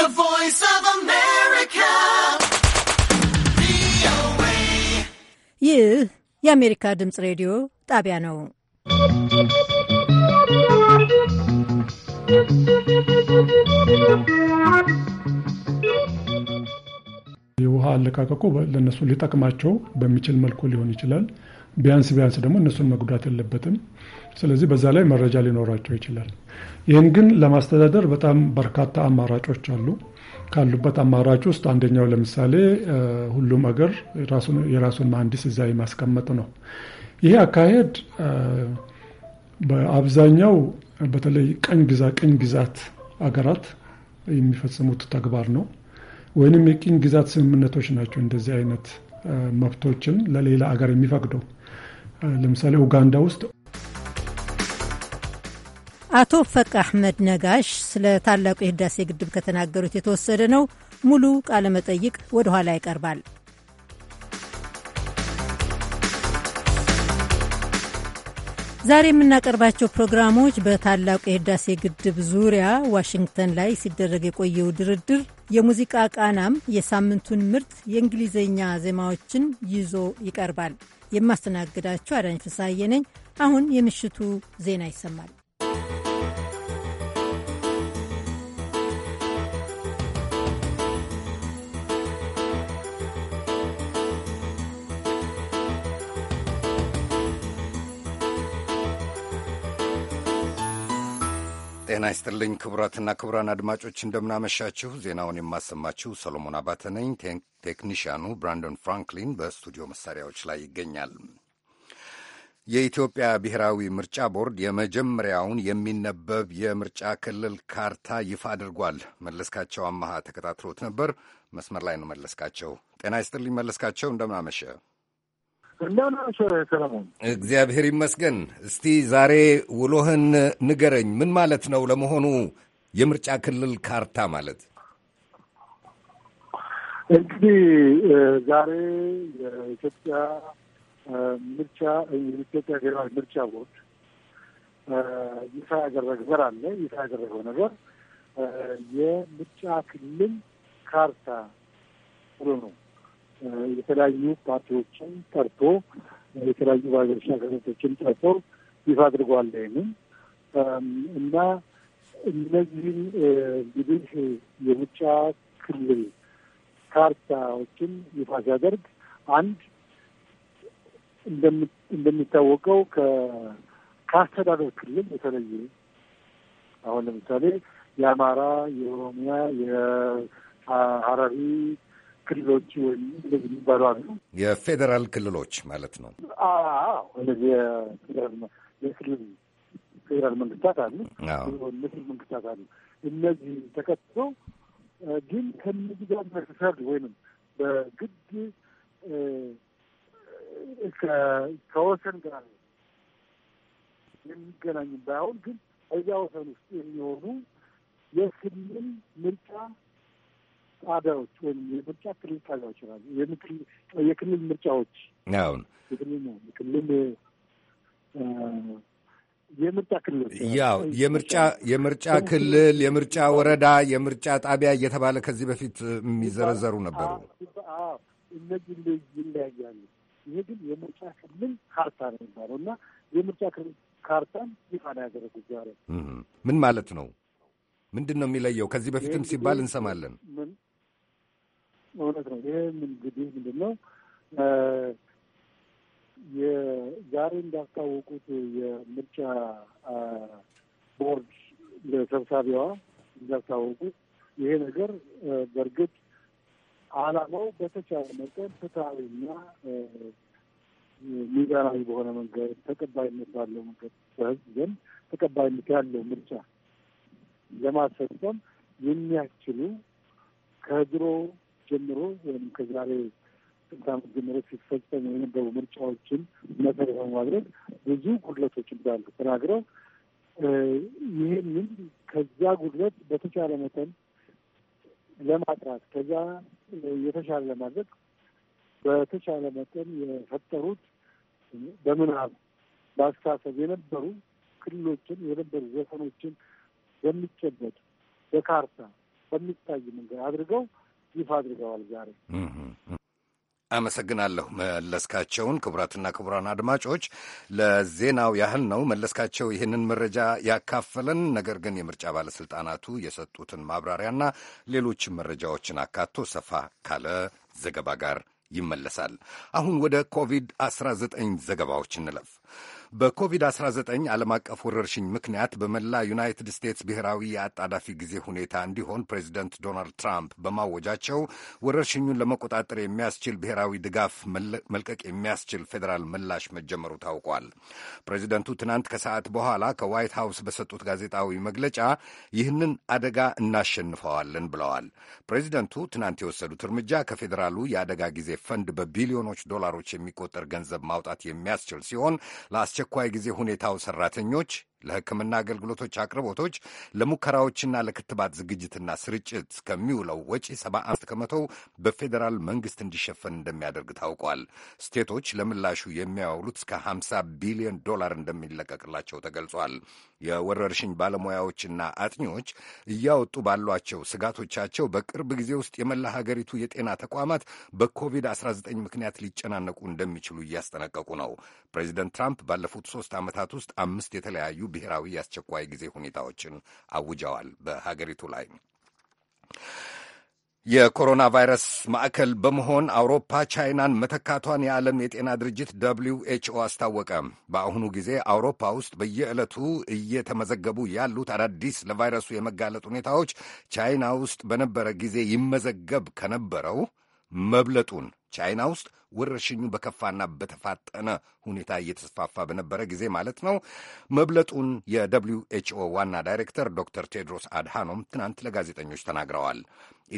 The Voice of America. ይህ የአሜሪካ ድምፅ ሬዲዮ ጣቢያ ነው። የውሃ አለቃቀቁ ለእነሱ ሊጠቅማቸው በሚችል መልኩ ሊሆን ይችላል። ቢያንስ ቢያንስ ደግሞ እነሱን መጉዳት የለበትም። ስለዚህ በዛ ላይ መረጃ ሊኖራቸው ይችላል። ይህን ግን ለማስተዳደር በጣም በርካታ አማራጮች አሉ። ካሉበት አማራጭ ውስጥ አንደኛው ለምሳሌ ሁሉም አገር የራሱን መሐንዲስ እዛ የማስቀመጥ ነው። ይሄ አካሄድ በአብዛኛው በተለይ ቀኝ ግዛ ቅኝ ግዛት አገራት የሚፈጽሙት ተግባር ነው። ወይንም የቅኝ ግዛት ስምምነቶች ናቸው እንደዚህ አይነት መብቶችን ለሌላ አገር የሚፈቅደው። ለምሳሌ ኡጋንዳ ውስጥ አቶ ፈቅ አህመድ ነጋሽ ስለ ታላቁ የህዳሴ ግድብ ከተናገሩት የተወሰደ ነው። ሙሉ ቃለ መጠይቅ ወደ ኋላ ይቀርባል። ዛሬ የምናቀርባቸው ፕሮግራሞች በታላቁ የህዳሴ ግድብ ዙሪያ ዋሽንግተን ላይ ሲደረግ የቆየው ድርድር፣ የሙዚቃ ቃናም የሳምንቱን ምርጥ የእንግሊዝኛ ዜማዎችን ይዞ ይቀርባል። የማስተናግዳችሁ አዳኝ ፍሳዬ ነኝ። አሁን የምሽቱ ዜና ይሰማል። ጤና ይስጥልኝ ክቡራትና ክቡራን አድማጮች እንደምናመሻችሁ። ዜናውን የማሰማችሁ ሰሎሞን አባተ ነኝ። ቴክኒሽያኑ ብራንደን ፍራንክሊን በስቱዲዮ መሳሪያዎች ላይ ይገኛል። የኢትዮጵያ ብሔራዊ ምርጫ ቦርድ የመጀመሪያውን የሚነበብ የምርጫ ክልል ካርታ ይፋ አድርጓል። መለስካቸው አማሃ ተከታትሎት ነበር። መስመር ላይ ነው መለስካቸው። ጤና ይስጥልኝ መለስካቸው፣ እንደምናመሸ ሰለሞን እግዚአብሔር ይመስገን። እስቲ ዛሬ ውሎህን ንገረኝ። ምን ማለት ነው ለመሆኑ የምርጫ ክልል ካርታ ማለት? እንግዲህ ዛሬ የኢትዮጵያ ምርጫ የኢትዮጵያ ብሔራዊ ምርጫ ቦርድ ይፋ ያደረገ ነገር አለ። ይፋ ያደረገው ነገር የምርጫ ክልል ካርታ ብሎ ነው የተለያዩ ፓርቲዎችን ጠርቶ የተለያዩ ባለድርሻ አካላቶችን ጠርቶ ይፋ አድርጓል። ይህንን እና እነዚህም እንግዲህ የምርጫ ክልል ካርታዎችን ይፋ ሲያደርግ አንድ እንደሚታወቀው ከአስተዳደር ክልል የተለየ አሁን ለምሳሌ የአማራ፣ የኦሮሚያ፣ የሀረሪ ክልሎች ወይም እንደዚህ የሚባሉ አሉ። የፌዴራል ክልሎች ማለት ነው። እነዚህ የክልል ፌዴራል መንግስታት አሉ፣ የክልል መንግስታት አሉ። እነዚህ ተከትሎ ግን ከነዚህ ጋር መሰሰር ወይም በግድ ከወሰን ጋር የሚገናኝ ባይሆን ግን እዚያ ወሰን ውስጥ የሚሆኑ የክልል ምርጫ ጣቢያዎች ወይም የምርጫ ክልል ጣቢያዎች ይላሉ። የክልል ምርጫዎች አሁን የክልል ክልል የምርጫ ክልል ያው የምርጫ የምርጫ ክልል የምርጫ ወረዳ የምርጫ ጣቢያ እየተባለ ከዚህ በፊት የሚዘረዘሩ ነበሩ። እነዚህ ይለያያሉ። ይሄ ግን የምርጫ ክልል ካርታ ነው የሚባለው እና የምርጫ ክልል ካርታን ይፋ ነው ያደረጉት ዛሬ። ምን ማለት ነው? ምንድን ነው የሚለየው? ከዚህ በፊትም ሲባል እንሰማለን። እውነት ነው። ይህም እንግዲህ ምንድን ነው የዛሬ እንዳስታወቁት የምርጫ ቦርድ ለሰብሳቢዋ እንዳስታወቁት ይሄ ነገር በእርግጥ ዓላማው በተቻለ መጠን ፍትሐዊና ሚዛናዊ በሆነ መንገድ ተቀባይነት ባለው መንገድ በህዝብ ዘንድ ተቀባይነት ያለው ምርጫ ለማስፈጸም የሚያስችሉ ከድሮ ጀምሮ ወይም ከዛሬ ስንት ዓመት ጀምሮ ሲፈጸሙ የነበሩ ምርጫዎችን መሰረት በማድረግ ብዙ ጉድለቶች እንዳሉ ተናግረው ይህንን ከዚያ ጉድለት በተቻለ መጠን ለማጥራት ከዚያ የተሻለ ለማድረግ በተቻለ መጠን የፈጠሩት በምናብ በአስተሳሰብ የነበሩ ክልሎችን የነበሩ ዘፈኖችን በሚጨበጥ በካርታ በሚታይ መንገድ አድርገው ይፋ አድርገዋል ዛሬ። አመሰግናለሁ መለስካቸውን። ክቡራትና ክቡራን አድማጮች ለዜናው ያህል ነው መለስካቸው ይህንን መረጃ ያካፈለን። ነገር ግን የምርጫ ባለስልጣናቱ የሰጡትን ማብራሪያና ሌሎችን መረጃዎችን አካቶ ሰፋ ካለ ዘገባ ጋር ይመለሳል። አሁን ወደ ኮቪድ-19 ዘገባዎች እንለፍ። በኮቪድ-19 ዓለም አቀፍ ወረርሽኝ ምክንያት በመላ ዩናይትድ ስቴትስ ብሔራዊ የአጣዳፊ ጊዜ ሁኔታ እንዲሆን ፕሬዚደንት ዶናልድ ትራምፕ በማወጃቸው ወረርሽኙን ለመቆጣጠር የሚያስችል ብሔራዊ ድጋፍ መልቀቅ የሚያስችል ፌዴራል ምላሽ መጀመሩ ታውቋል። ፕሬዚደንቱ ትናንት ከሰዓት በኋላ ከዋይት ሃውስ በሰጡት ጋዜጣዊ መግለጫ ይህንን አደጋ እናሸንፈዋለን ብለዋል። ፕሬዚደንቱ ትናንት የወሰዱት እርምጃ ከፌዴራሉ የአደጋ ጊዜ ፈንድ በቢሊዮኖች ዶላሮች የሚቆጠር ገንዘብ ማውጣት የሚያስችል ሲሆን የአስቸኳይ ጊዜ ሁኔታው ሠራተኞች ለሕክምና አገልግሎቶች አቅርቦቶች፣ ለሙከራዎችና ለክትባት ዝግጅትና ስርጭት ከሚውለው ወጪ 75 ከመቶ በፌዴራል መንግስት እንዲሸፈን እንደሚያደርግ ታውቋል። ስቴቶች ለምላሹ የሚያውሉት እስከ 50 ቢሊዮን ዶላር እንደሚለቀቅላቸው ተገልጿል። የወረርሽኝ ባለሙያዎችና አጥኚዎች እያወጡ ባሏቸው ስጋቶቻቸው በቅርብ ጊዜ ውስጥ የመላ ሀገሪቱ የጤና ተቋማት በኮቪድ-19 ምክንያት ሊጨናነቁ እንደሚችሉ እያስጠነቀቁ ነው። ፕሬዚደንት ትራምፕ ባለፉት ሶስት ዓመታት ውስጥ አምስት የተለያዩ ብሔራዊ የአስቸኳይ ጊዜ ሁኔታዎችን አውጀዋል በሀገሪቱ ላይ። የኮሮና ቫይረስ ማዕከል በመሆን አውሮፓ ቻይናን መተካቷን የዓለም የጤና ድርጅት ደብሊው ኤችኦ አስታወቀ። በአሁኑ ጊዜ አውሮፓ ውስጥ በየዕለቱ እየተመዘገቡ ያሉት አዳዲስ ለቫይረሱ የመጋለጥ ሁኔታዎች ቻይና ውስጥ በነበረ ጊዜ ይመዘገብ ከነበረው መብለጡን ቻይና ውስጥ ወረርሽኙ በከፋና በተፋጠነ ሁኔታ እየተስፋፋ በነበረ ጊዜ ማለት ነው መብለጡን የደብሊው ኤችኦ ዋና ዳይሬክተር ዶክተር ቴድሮስ አድሃኖም ትናንት ለጋዜጠኞች ተናግረዋል።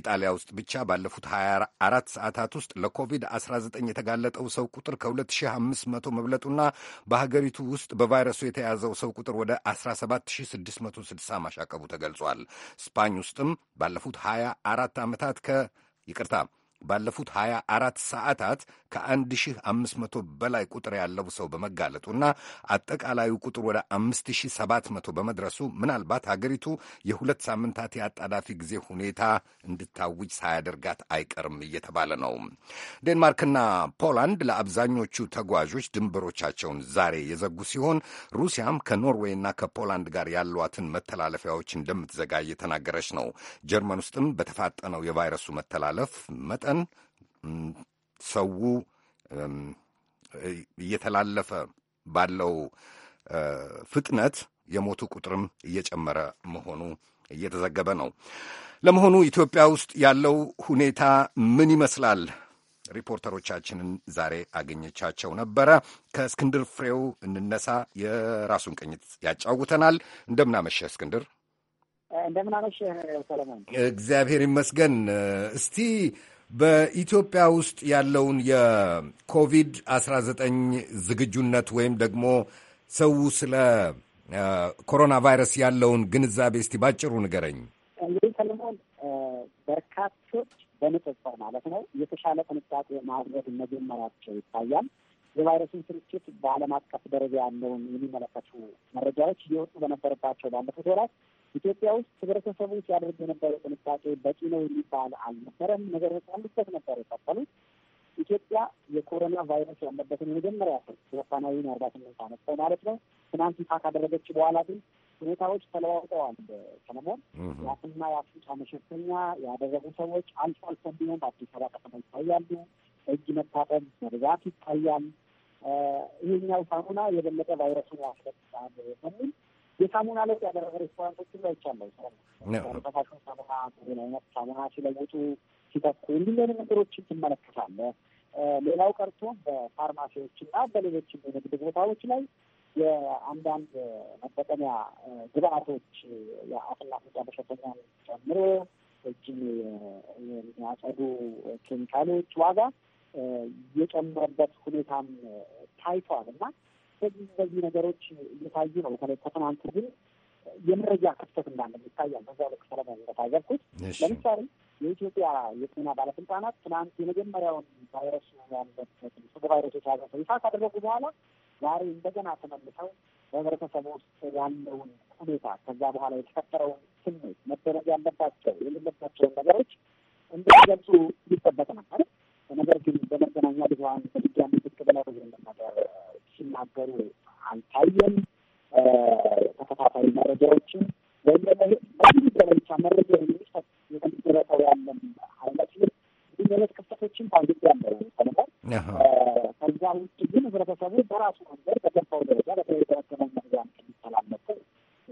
ኢጣሊያ ውስጥ ብቻ ባለፉት 24 ሰዓታት ውስጥ ለኮቪድ-19 የተጋለጠው ሰው ቁጥር ከ2500 መብለጡና በሀገሪቱ ውስጥ በቫይረሱ የተያዘው ሰው ቁጥር ወደ 17660 ማሻቀቡ ተገልጿል። ስፓኝ ውስጥም ባለፉት 24 ዓመታት ከ ይቅርታ ባለፉት 24 ሰዓታት ከ1500 በላይ ቁጥር ያለው ሰው በመጋለጡና አጠቃላዩ ቁጥር ወደ 5700 በመድረሱ ምናልባት ሀገሪቱ የሁለት ሳምንታት የአጣዳፊ ጊዜ ሁኔታ እንድታውጅ ሳያደርጋት አይቀርም እየተባለ ነው። ዴንማርክና ፖላንድ ለአብዛኞቹ ተጓዦች ድንበሮቻቸውን ዛሬ የዘጉ ሲሆን ሩሲያም ከኖርዌይና ከፖላንድ ጋር ያሏትን መተላለፊያዎች እንደምትዘጋ እየተናገረች ነው። ጀርመን ውስጥም በተፋጠነው የቫይረሱ መተላለፍ መጠ መጠን ሰው እየተላለፈ ባለው ፍጥነት የሞቱ ቁጥርም እየጨመረ መሆኑ እየተዘገበ ነው። ለመሆኑ ኢትዮጵያ ውስጥ ያለው ሁኔታ ምን ይመስላል? ሪፖርተሮቻችንን ዛሬ አገኘቻቸው ነበረ። ከእስክንድር ፍሬው እንነሳ። የራሱን ቅኝት ያጫውተናል። እንደምናመሸ እስክንድር። እንደምናመሸ ሰለሞን። እግዚአብሔር ይመስገን። እስቲ በኢትዮጵያ ውስጥ ያለውን የኮቪድ-19 ዝግጁነት ወይም ደግሞ ሰው ስለ ኮሮና ቫይረስ ያለውን ግንዛቤ እስቲ ባጭሩ ንገረኝ። እንግዲህ ሰለሞን፣ በርካቶች በንጽጽር ማለት ነው የተሻለ ጥንቃቄ ማድረግ መጀመራቸው ይታያል። የቫይረሱን ስርጭት በዓለም አቀፍ ደረጃ ያለውን የሚመለከቱ መረጃዎች እየወጡ በነበረባቸው ባለፉት ወራት ኢትዮጵያ ውስጥ ህብረተሰቡ ሲያደርግ የነበረ ጥንቃቄ በቂ ነው የሚባል አልነበረም። ነገር ያሉበት ነበር የቀጠሉት። ኢትዮጵያ የኮሮና ቫይረስ ያለበትን የመጀመሪያ ሰው ጃፓናዊን አርባ ስምንት አመት ሰው ማለት ነው ትናንት ይፋ ካደረገች በኋላ ግን ሁኔታዎች ተለዋውጠዋል። ሰለሞን ያፍና የአፍንጫ መሸፈኛ ያደረጉ ሰዎች አልፎ አልፎ ቢሆን በአዲስ አበባ ከተማ ይታያሉ። እጅ መታጠብ በብዛት ይታያል። ይሄኛው ሳሙና የበለጠ ቫይረሱን ያስለጥቃል በሚል የሳሙና ለውጥ ያደረገ ሬስቶራንቶችን ላይ ይቻለው ሳሙና ምን አይነት ሳሙና ሲለውጡ ሲተኩ እንዲህ አይነት ነገሮችን ትመለከታለህ። ሌላው ቀርቶ በፋርማሲዎች እና በሌሎችም የንግድ ቦታዎች ላይ የአንዳንድ መጠቀሚያ ግብአቶች የአፍና አፍንጫ መሸፈኛን ጨምሮ እጅን የሚያጸዱ ኬሚካሎች ዋጋ የጨመረበት ሁኔታም ታይቷል እና በዚህ እነዚህ ነገሮች እየታዩ ነው። በተለይ ከትናንት ግን የመረጃ ክፍተት እንዳለ ይታያል። በዛ ልክ ሰለሞን እንደታዘብኩት ለምሳሌ የኢትዮጵያ የጤና ባለስልጣናት ትናንት የመጀመሪያውን ቫይረሱ ያለበት ስጋ ቫይረሶች ያዘ ሰው ይፋ ካደረጉ በኋላ ዛሬ እንደገና ተመልሰው በህብረተሰቡ ውስጥ ያለውን ሁኔታ ከዛ በኋላ የተፈጠረውን ስሜት መደረግ ያለባቸው የሌለባቸውን ነገሮች እንደሚገልጹ ይጠበቅ ነበር። ነገር ግን በመገናኛ ብዙሀን በድጋሚ ብቅ ብለው ይህን ነገር ሲናገሩ አልታየም። ተከታታይ መረጃዎችን ወይም በዚህ ደረጃ መረጃ የሚሰጥ የተደረሰው ያለን አይመስልም። ይህ አይነት ክፍተቶችን ታንግጥ ያለው ተነበር። ከዛ ውጭ ግን ህብረተሰቡ በራሱ መንገድ በገባው ደረጃ በተለይ በመገናኛ ብዙሀን ከሚተላለፉ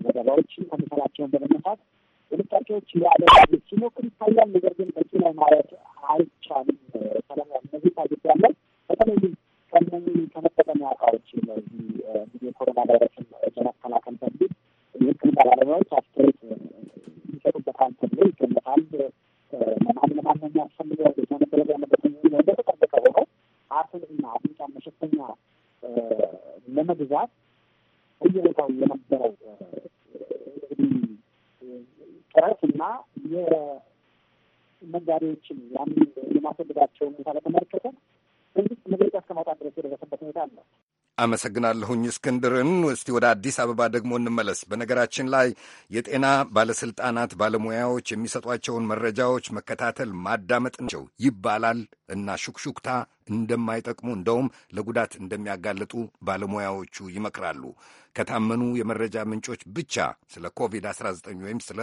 ዘገባዎችን ከሚሰራቸውን በመነሳት ጥንቃቄዎች ሊያደርጉ ሲሞክር ይታያል። ነገር ግን በዚህ ላይ ማለት አይቻልም። ሰለሞን እነዚህ ታጊት ያለን በተለይ ከነዚህ ከመጠቀሚያ እቃዎች እነዚህ እንግዲህ የኮሮና ቫይረስን ለመከላከል በሚል የህክምና ባለሙያዎች አስተያየት ይሰጡበታል ተብሎ ይገመታል። ለማን ለማን ነው የሚያስፈልገው ቤት መደረግ ያለበት የሚለው እንደተጠበቀ ሆኖ አፍና አፍንጫ መሸፈኛ ለመግዛት በየቦታው የነበረው እንግዲህ ጥረት እና ነጋዴዎችን ያንን የማስወደዳቸውን ሁኔታ በተመለከተ መንግስት መግለጫ እስከማውጣት ድረስ የደረሰበት ሁኔታ አለ። አመሰግናለሁኝ እስክንድርን። እስቲ ወደ አዲስ አበባ ደግሞ እንመለስ። በነገራችን ላይ የጤና ባለስልጣናት ባለሙያዎች የሚሰጧቸውን መረጃዎች መከታተል ማዳመጥ ናቸው ይባላል እና ሹክሹክታ እንደማይጠቅሙ እንደውም ለጉዳት እንደሚያጋልጡ ባለሙያዎቹ ይመክራሉ። ከታመኑ የመረጃ ምንጮች ብቻ ስለ ኮቪድ-19 ወይም ስለ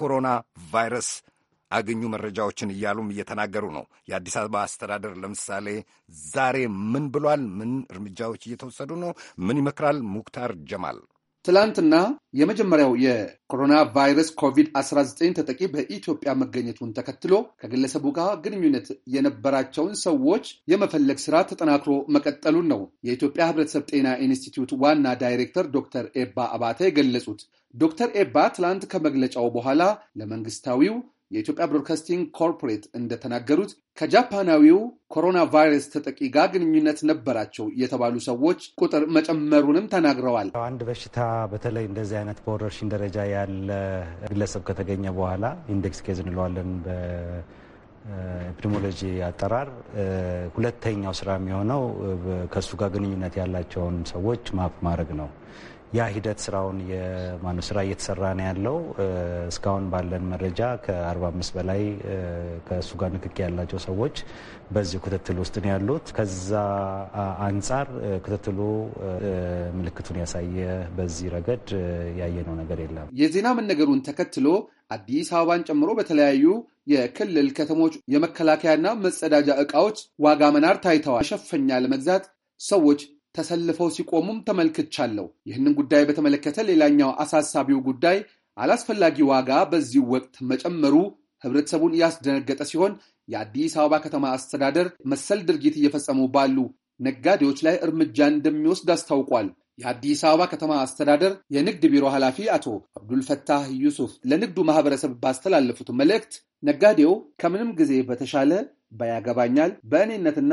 ኮሮና ቫይረስ አገኙ መረጃዎችን እያሉም እየተናገሩ ነው። የአዲስ አበባ አስተዳደር ለምሳሌ ዛሬ ምን ብሏል? ምን እርምጃዎች እየተወሰዱ ነው? ምን ይመክራል? ሙክታር ጀማል ትላንትና የመጀመሪያው የኮሮና ቫይረስ ኮቪድ-19 ተጠቂ በኢትዮጵያ መገኘቱን ተከትሎ ከግለሰቡ ጋር ግንኙነት የነበራቸውን ሰዎች የመፈለግ ስራ ተጠናክሮ መቀጠሉን ነው የኢትዮጵያ ሕብረተሰብ ጤና ኢንስቲትዩት ዋና ዳይሬክተር ዶክተር ኤባ አባተ የገለጹት። ዶክተር ኤባ ትላንት ከመግለጫው በኋላ ለመንግስታዊው የኢትዮጵያ ብሮድካስቲንግ ኮርፖሬት እንደተናገሩት ከጃፓናዊው ኮሮና ቫይረስ ተጠቂ ጋር ግንኙነት ነበራቸው የተባሉ ሰዎች ቁጥር መጨመሩንም ተናግረዋል። አንድ በሽታ በተለይ እንደዚህ አይነት በወረርሽኝ ደረጃ ያለ ግለሰብ ከተገኘ በኋላ ኢንዴክስ ኬዝ እንለዋለን ኤፒዲሞሎጂ አጠራር ሁለተኛው ስራ የሚሆነው ከእሱ ጋር ግንኙነት ያላቸውን ሰዎች ማፕ ማድረግ ነው። ያ ሂደት ስራውን የማኑ ስራ እየተሰራ ነው ያለው። እስካሁን ባለን መረጃ ከ45 በላይ ከእሱ ጋር ንክኪ ያላቸው ሰዎች በዚህ ክትትል ውስጥ ነው ያሉት። ከዛ አንጻር ክትትሉ ምልክቱን ያሳየ በዚህ ረገድ ያየነው ነገር የለም። የዜና መነገሩን ተከትሎ አዲስ አበባን ጨምሮ በተለያዩ የክልል ከተሞች የመከላከያና መጸዳጃ እቃዎች ዋጋ መናር ታይተዋል። መሸፈኛ ለመግዛት ሰዎች ተሰልፈው ሲቆሙም ተመልክቻለሁ። ይህንን ጉዳይ በተመለከተ ሌላኛው አሳሳቢው ጉዳይ አላስፈላጊ ዋጋ በዚህ ወቅት መጨመሩ ህብረተሰቡን ያስደነገጠ ሲሆን የአዲስ አበባ ከተማ አስተዳደር መሰል ድርጊት እየፈጸሙ ባሉ ነጋዴዎች ላይ እርምጃ እንደሚወስድ አስታውቋል። የአዲስ አበባ ከተማ አስተዳደር የንግድ ቢሮ ኃላፊ አቶ አብዱልፈታህ ዩሱፍ ለንግዱ ማህበረሰብ ባስተላለፉት መልእክት ነጋዴው ከምንም ጊዜ በተሻለ ባያገባኛል በእኔነትና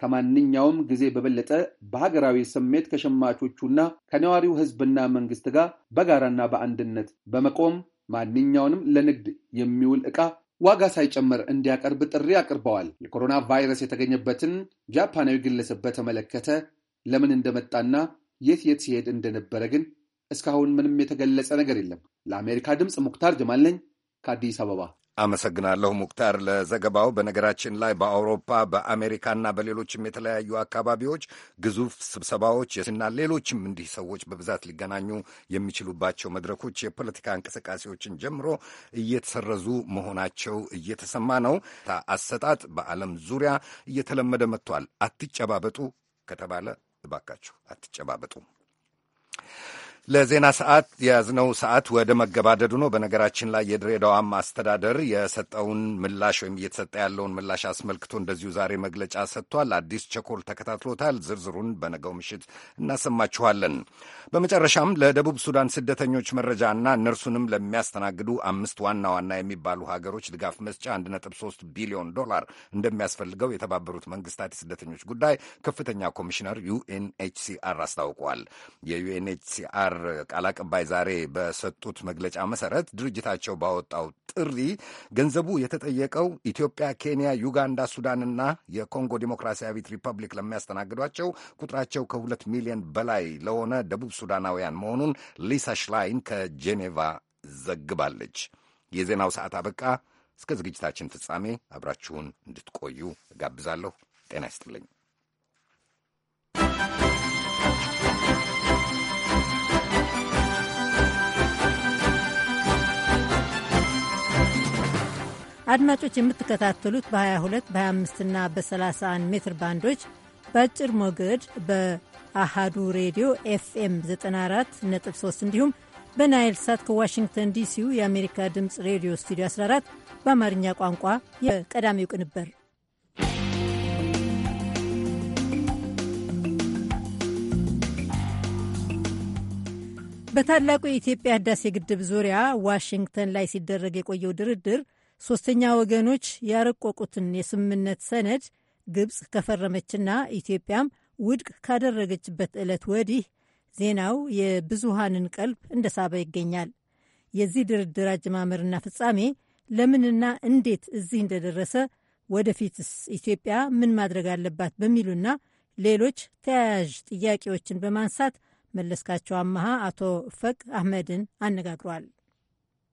ከማንኛውም ጊዜ በበለጠ በሀገራዊ ስሜት ከሸማቾቹና ከነዋሪው ህዝብና መንግስት ጋር በጋራና በአንድነት በመቆም ማንኛውንም ለንግድ የሚውል ዕቃ ዋጋ ሳይጨምር እንዲያቀርብ ጥሪ አቅርበዋል። የኮሮና ቫይረስ የተገኘበትን ጃፓናዊ ግለሰብ በተመለከተ ለምን እንደመጣና የት የት ሲሄድ እንደነበረ ግን እስካሁን ምንም የተገለጸ ነገር የለም። ለአሜሪካ ድምፅ ሙክታር ጀማል ነኝ ከአዲስ አበባ። አመሰግናለሁ ሙክታር ለዘገባው። በነገራችን ላይ በአውሮፓ በአሜሪካና በሌሎችም የተለያዩ አካባቢዎች ግዙፍ ስብሰባዎች እና ሌሎችም እንዲህ ሰዎች በብዛት ሊገናኙ የሚችሉባቸው መድረኮች የፖለቲካ እንቅስቃሴዎችን ጀምሮ እየተሰረዙ መሆናቸው እየተሰማ ነው። አሰጣጥ በዓለም ዙሪያ እየተለመደ መጥቷል። አትጨባበጡ ከተባለ እባካችሁ አትጨባበጡ። ለዜና ሰዓት የያዝነው ሰዓት ወደ መገባደዱ ነው። በነገራችን ላይ የድሬዳዋም አስተዳደር የሰጠውን ምላሽ ወይም እየተሰጠ ያለውን ምላሽ አስመልክቶ እንደዚሁ ዛሬ መግለጫ ሰጥቷል። አዲስ ቸኮል ተከታትሎታል። ዝርዝሩን በነገው ምሽት እናሰማችኋለን። በመጨረሻም ለደቡብ ሱዳን ስደተኞች መረጃና እነርሱንም ለሚያስተናግዱ አምስት ዋና ዋና የሚባሉ ሀገሮች ድጋፍ መስጫ 1.3 ቢሊዮን ዶላር እንደሚያስፈልገው የተባበሩት መንግስታት የስደተኞች ጉዳይ ከፍተኛ ኮሚሽነር ዩኤንኤችሲአር አስታውቋል። የዩኤንኤችሲአር ጋር ቃል አቀባይ ዛሬ በሰጡት መግለጫ መሰረት ድርጅታቸው ባወጣው ጥሪ ገንዘቡ የተጠየቀው ኢትዮጵያ፣ ኬንያ፣ ዩጋንዳ፣ ሱዳንና የኮንጎ ዲሞክራሲያዊት ሪፐብሊክ ለሚያስተናግዷቸው ቁጥራቸው ከሁለት ሚሊዮን በላይ ለሆነ ደቡብ ሱዳናውያን መሆኑን ሊሳ ሽላይን ከጄኔቫ ዘግባለች። የዜናው ሰዓት አበቃ። እስከ ዝግጅታችን ፍጻሜ አብራችሁን እንድትቆዩ እጋብዛለሁ። ጤና ይስጥልኝ። አድማጮች የምትከታተሉት በ22 በ25ና በ31 ሜትር ባንዶች በአጭር ሞገድ በአሃዱ ሬዲዮ ኤፍኤም 94.3 እንዲሁም በናይል ሳት ከዋሽንግተን ዲሲው የአሜሪካ ድምፅ ሬዲዮ ስቱዲዮ 14 በአማርኛ ቋንቋ የቀዳሚው ቅንበር በታላቁ የኢትዮጵያ ህዳሴ ግድብ ዙሪያ ዋሽንግተን ላይ ሲደረግ የቆየው ድርድር ሶስተኛ ወገኖች ያረቆቁትን የስምምነት ሰነድ ግብፅ ከፈረመችና ኢትዮጵያም ውድቅ ካደረገችበት ዕለት ወዲህ ዜናው የብዙሃንን ቀልብ እንደ ሳባ ይገኛል። የዚህ ድርድር አጀማመርና ፍጻሜ ለምንና እንዴት እዚህ እንደደረሰ ወደፊትስ ኢትዮጵያ ምን ማድረግ አለባት በሚሉና ሌሎች ተያያዥ ጥያቄዎችን በማንሳት መለስካቸው አመሃ አቶ ፈቅ አህመድን አነጋግሯል።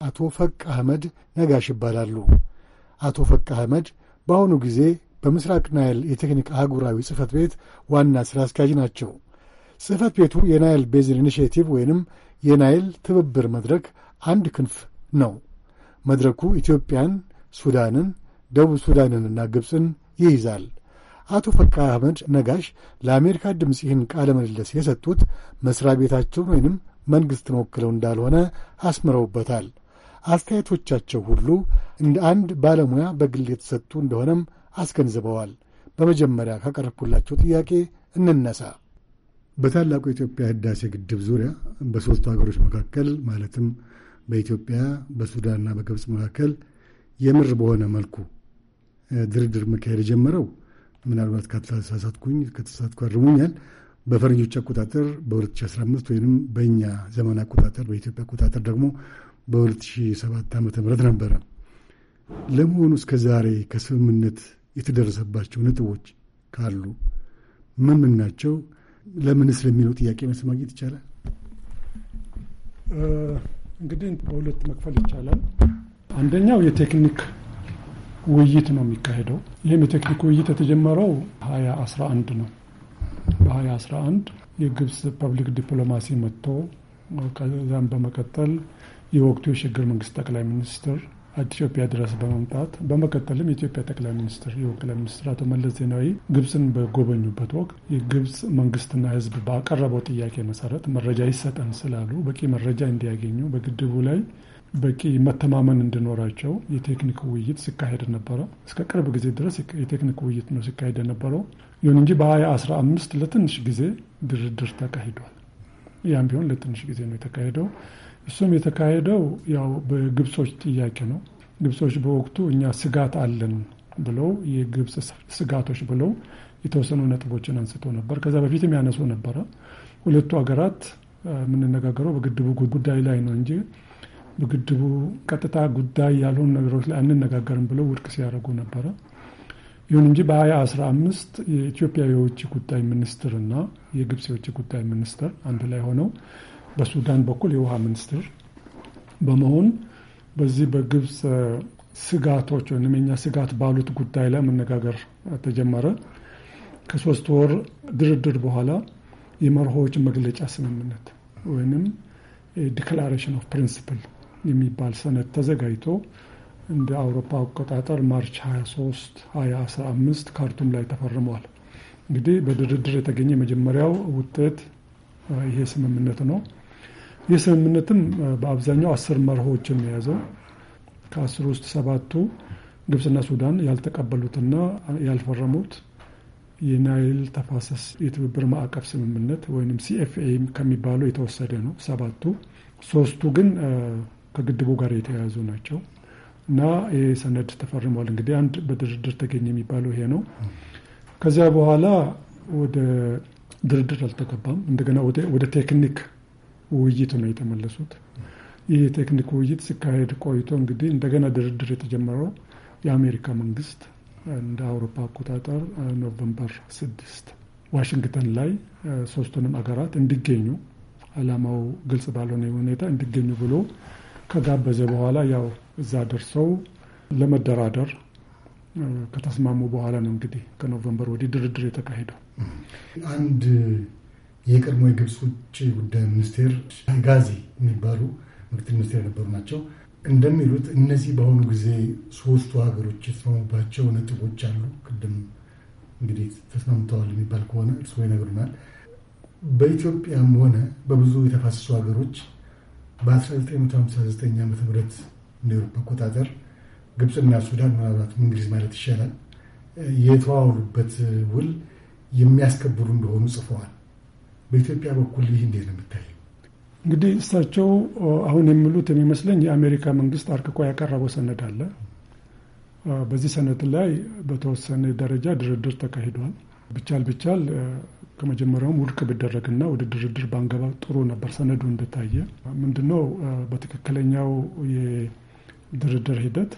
አቶ ፈቅ አህመድ ነጋሽ ይባላሉ። አቶ ፈቅ አህመድ በአሁኑ ጊዜ በምስራቅ ናይል የቴክኒክ አህጉራዊ ጽህፈት ቤት ዋና ሥራ አስኪያጅ ናቸው። ጽህፈት ቤቱ የናይል ቤዝን ኢኒሽቲቭ ወይንም የናይል ትብብር መድረክ አንድ ክንፍ ነው። መድረኩ ኢትዮጵያን፣ ሱዳንን፣ ደቡብ ሱዳንንና ግብፅን ይይዛል። አቶ ፈቃ አህመድ ነጋሽ ለአሜሪካ ድምፅ ይህን ቃለ ምልልስ የሰጡት መስሪያ ቤታቸውን ወይንም መንግሥትን ወክለው እንዳልሆነ አስምረውበታል። አስተያየቶቻቸው ሁሉ እንደ አንድ ባለሙያ በግል የተሰጡ እንደሆነም አስገንዝበዋል። በመጀመሪያ ካቀረብኩላቸው ጥያቄ እንነሳ። በታላቁ የኢትዮጵያ ህዳሴ ግድብ ዙሪያ በሦስቱ ሀገሮች መካከል ማለትም በኢትዮጵያ በሱዳንና በግብፅ መካከል የምር በሆነ መልኩ ድርድር መካሄድ የጀመረው ምናልባት ከተሳሳትኩኝ ከተሳሳትኩ አርሙኛል በፈረንጆች አቆጣጠር በ2015 ወይም በእኛ ዘመን አቆጣጠር በኢትዮጵያ አቆጣጠር ደግሞ በ2007 ዓ ም ነበረ። ለመሆኑ እስከ ዛሬ ከስምምነት የተደረሰባቸው ነጥቦች ካሉ ምን ምን ናቸው? ለምንስ ለሚለው ጥያቄ መልስ ማግኘት ይቻላል። እንግዲህ በሁለት መክፈል ይቻላል። አንደኛው የቴክኒክ ውይይት ነው የሚካሄደው። ይህም የቴክኒክ ውይይት የተጀመረው ሀያ አስራ አንድ ነው። በሀያ አስራ አንድ የግብፅ ፐብሊክ ዲፕሎማሲ መጥቶ ከዚያም በመቀጠል የወቅቱ የሽግግር መንግስት ጠቅላይ ሚኒስትር ኢትዮጵያ ድረስ በመምጣት በመቀጠልም የኢትዮጵያ ጠቅላይ ሚኒስትር የወቅቱ ጠቅላይ ሚኒስትር አቶ መለስ ዜናዊ ግብፅን በጎበኙበት ወቅት የግብፅ መንግስትና ሕዝብ ባቀረበው ጥያቄ መሰረት መረጃ ይሰጠን ስላሉ በቂ መረጃ እንዲያገኙ በግድቡ ላይ በቂ መተማመን እንዲኖራቸው የቴክኒክ ውይይት ሲካሄድ ነበረ። እስከ ቅርብ ጊዜ ድረስ የቴክኒክ ውይይት ነው ሲካሄድ የነበረው። ይሁን እንጂ በ2015 ለትንሽ ጊዜ ድርድር ተካሂዷል። ያም ቢሆን ለትንሽ ጊዜ ነው የተካሄደው። እሱም የተካሄደው ያው በግብጾች ጥያቄ ነው። ግብጾች በወቅቱ እኛ ስጋት አለን ብለው የግብጽ ስጋቶች ብለው የተወሰኑ ነጥቦችን አንስቶ ነበር። ከዛ በፊትም ያነሱ ነበረ። ሁለቱ ሀገራት የምንነጋገረው በግድቡ ጉዳይ ላይ ነው እንጂ በግድቡ ቀጥታ ጉዳይ ያልሆኑ ነገሮች ላይ አንነጋገርም ብለው ውድቅ ሲያደርጉ ነበረ። ይሁን እንጂ በ አምስት የኢትዮጵያ የውጭ ጉዳይ ሚኒስትር እና የግብጽ የውጭ ጉዳይ ሚኒስትር አንድ ላይ ሆነው በሱዳን በኩል የውሃ ሚኒስትር በመሆን በዚህ በግብፅ ስጋቶች ወይም የኛ ስጋት ባሉት ጉዳይ ላይ መነጋገር ተጀመረ። ከሶስት ወር ድርድር በኋላ የመርሆዎች መግለጫ ስምምነት ወይም ዲክላሬሽን ኦፍ ፕሪንስፕል የሚባል ሰነድ ተዘጋጅቶ እንደ አውሮፓ አቆጣጠር ማርች 23 2015 ካርቱም ላይ ተፈርመዋል። እንግዲህ በድርድር የተገኘ የመጀመሪያው ውጤት ይሄ ስምምነት ነው። ይህ ስምምነትም በአብዛኛው አስር መርሆዎችን የያዘው ከአስር ውስጥ ሰባቱ ግብጽና ሱዳን ያልተቀበሉትና ያልፈረሙት የናይል ተፋሰስ የትብብር ማዕቀፍ ስምምነት ወይም ሲኤፍኤ ከሚባለው የተወሰደ ነው። ሰባቱ ሶስቱ ግን ከግድቡ ጋር የተያያዙ ናቸው እና ይህ ሰነድ ተፈርሟል። እንግዲህ አንድ በድርድር ተገኘ የሚባለው ይሄ ነው። ከዚያ በኋላ ወደ ድርድር አልተገባም። እንደገና ወደ ቴክኒክ ውይይት ነው የተመለሱት። ይህ የቴክኒክ ውይይት ሲካሄድ ቆይቶ እንግዲህ እንደገና ድርድር የተጀመረው የአሜሪካ መንግስት እንደ አውሮፓ አቆጣጠር ኖቨምበር ስድስት ዋሽንግተን ላይ ሶስቱንም አገራት እንዲገኙ አላማው ግልጽ ባልሆነ ሁኔታ እንዲገኙ ብሎ ከጋበዘ በኋላ ያው እዛ ደርሰው ለመደራደር ከተስማሙ በኋላ ነው እንግዲህ ከኖቨምበር ወዲህ ድርድር የተካሄደው። አንድ የቀድሞ የግብፅ ውጭ ጉዳይ ሚኒስቴር ጋዚ የሚባሉ ምክትል ሚኒስቴር የነበሩ ናቸው። እንደሚሉት እነዚህ በአሁኑ ጊዜ ሶስቱ ሀገሮች የተስማሙባቸው ነጥቦች አሉ። ቅድም እንግዲህ ተስማምተዋል የሚባል ከሆነ እርስዎ ይነግሩናል። በኢትዮጵያም ሆነ በብዙ የተፋሰሱ ሀገሮች በ1959 ዓ ም እንደ አውሮፓ አቆጣጠር ግብፅና ሱዳን ምናልባትም እንግሊዝ ማለት ይሻላል የተዋወሉበት ውል የሚያስከብሩ እንደሆኑ ጽፈዋል። በኢትዮጵያ በኩል ይህ እንዴት ነው የሚታየው? እንግዲህ እሳቸው አሁን የሚሉት የሚመስለኝ የአሜሪካ መንግስት አርቅቆ ያቀረበው ሰነድ አለ። በዚህ ሰነድ ላይ በተወሰነ ደረጃ ድርድር ተካሂዷል። ብቻል ብቻል ከመጀመሪያውም ውድቅ ቢደረግና ወደ ድርድር ባንገባ ጥሩ ነበር። ሰነዱ እንደታየ ምንድነው በትክክለኛው የድርድር ሂደት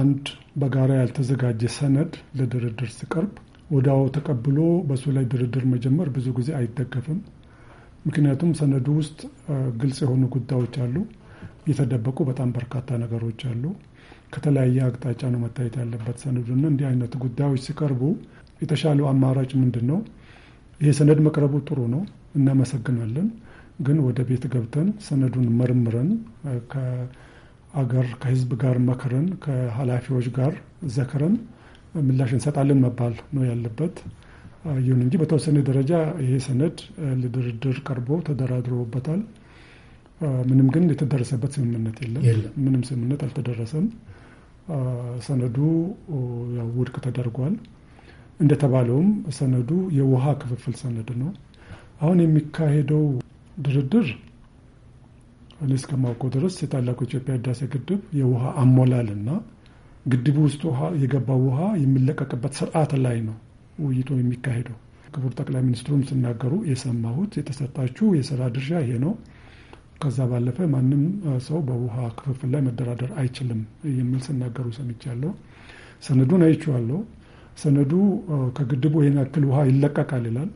አንድ በጋራ ያልተዘጋጀ ሰነድ ለድርድር ሲቀርብ ወዲያው ተቀብሎ በሱ ላይ ድርድር መጀመር ብዙ ጊዜ አይደገፍም። ምክንያቱም ሰነዱ ውስጥ ግልጽ የሆኑ ጉዳዮች አሉ፣ የተደበቁ በጣም በርካታ ነገሮች አሉ። ከተለያየ አቅጣጫ ነው መታየት ያለበት ሰነዱና እንዲህ አይነት ጉዳዮች ሲቀርቡ የተሻለው አማራጭ ምንድን ነው? ይሄ ሰነድ መቅረቡ ጥሩ ነው፣ እናመሰግናለን። ግን ወደ ቤት ገብተን ሰነዱን መርምረን ከአገር ከህዝብ ጋር መክረን ከኃላፊዎች ጋር ዘክረን ምላሽ እንሰጣለን መባል ነው ያለበት። ይሁን እንጂ በተወሰነ ደረጃ ይሄ ሰነድ ለድርድር ቀርቦ ተደራድሮበታል። ምንም ግን የተደረሰበት ስምምነት የለም። ምንም ስምምነት አልተደረሰም። ሰነዱ ያው ውድቅ ተደርጓል። እንደተባለውም ሰነዱ የውሃ ክፍፍል ሰነድ ነው። አሁን የሚካሄደው ድርድር እኔ እስከማውቀው ድረስ የታላቁ ኢትዮጵያ ህዳሴ ግድብ የውሃ አሞላልና ግድቡ ውስጥ ውሃ የገባው ውሃ የሚለቀቅበት ስርዓት ላይ ነው ውይይቱ የሚካሄደው። ክቡር ጠቅላይ ሚኒስትሩም ሲናገሩ የሰማሁት የተሰጣችሁ የስራ ድርሻ ይሄ ነው፣ ከዛ ባለፈ ማንም ሰው በውሃ ክፍፍል ላይ መደራደር አይችልም የሚል ሲናገሩ ሰምቻለሁ። ሰነዱን አይቼዋለሁ። ሰነዱ ከግድቡ ይህን ያክል ውሃ ይለቀቃል ይላል።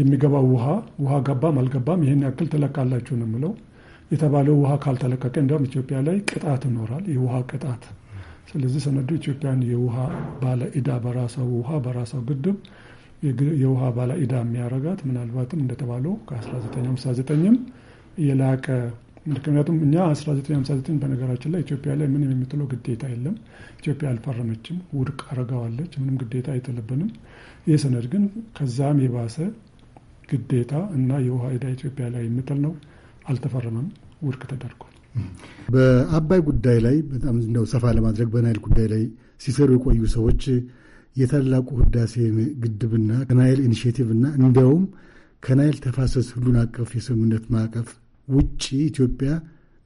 የሚገባው ውሃ ውሃ ገባም አልገባም ይህን ያክል ትለቃላችሁ ነው የምለው። የተባለው ውሃ ካልተለቀቀ እንዲያውም ኢትዮጵያ ላይ ቅጣት ይኖራል፣ የውሃ ቅጣት ስለዚህ ሰነዱ ኢትዮጵያን የውሃ ባለ ዕዳ በራሳው ውሃ በራሳው ግድብ የውሃ ባለ ዕዳ የሚያረጋት ምናልባትም እንደተባለው ከ1959ም የላቀ ምክንያቱም እኛ 1959 በነገራችን ላይ ኢትዮጵያ ላይ ምንም የምትለው ግዴታ የለም። ኢትዮጵያ አልፈረመችም፣ ውድቅ አረጋዋለች። ምንም ግዴታ አይጥልብንም። ይህ ሰነድ ግን ከዛም የባሰ ግዴታ እና የውሃ ዕዳ ኢትዮጵያ ላይ የምትል ነው። አልተፈረመም፣ ውድቅ ተደርጓል። በአባይ ጉዳይ ላይ በጣም እንደው ሰፋ ለማድረግ በናይል ጉዳይ ላይ ሲሰሩ የቆዩ ሰዎች የታላቁ ህዳሴ ግድብና ከናይል ኢኒሽቲቭ እና እንዲያውም ከናይል ተፋሰስ ሁሉን አቀፍ የስምምነት ማዕቀፍ ውጭ ኢትዮጵያ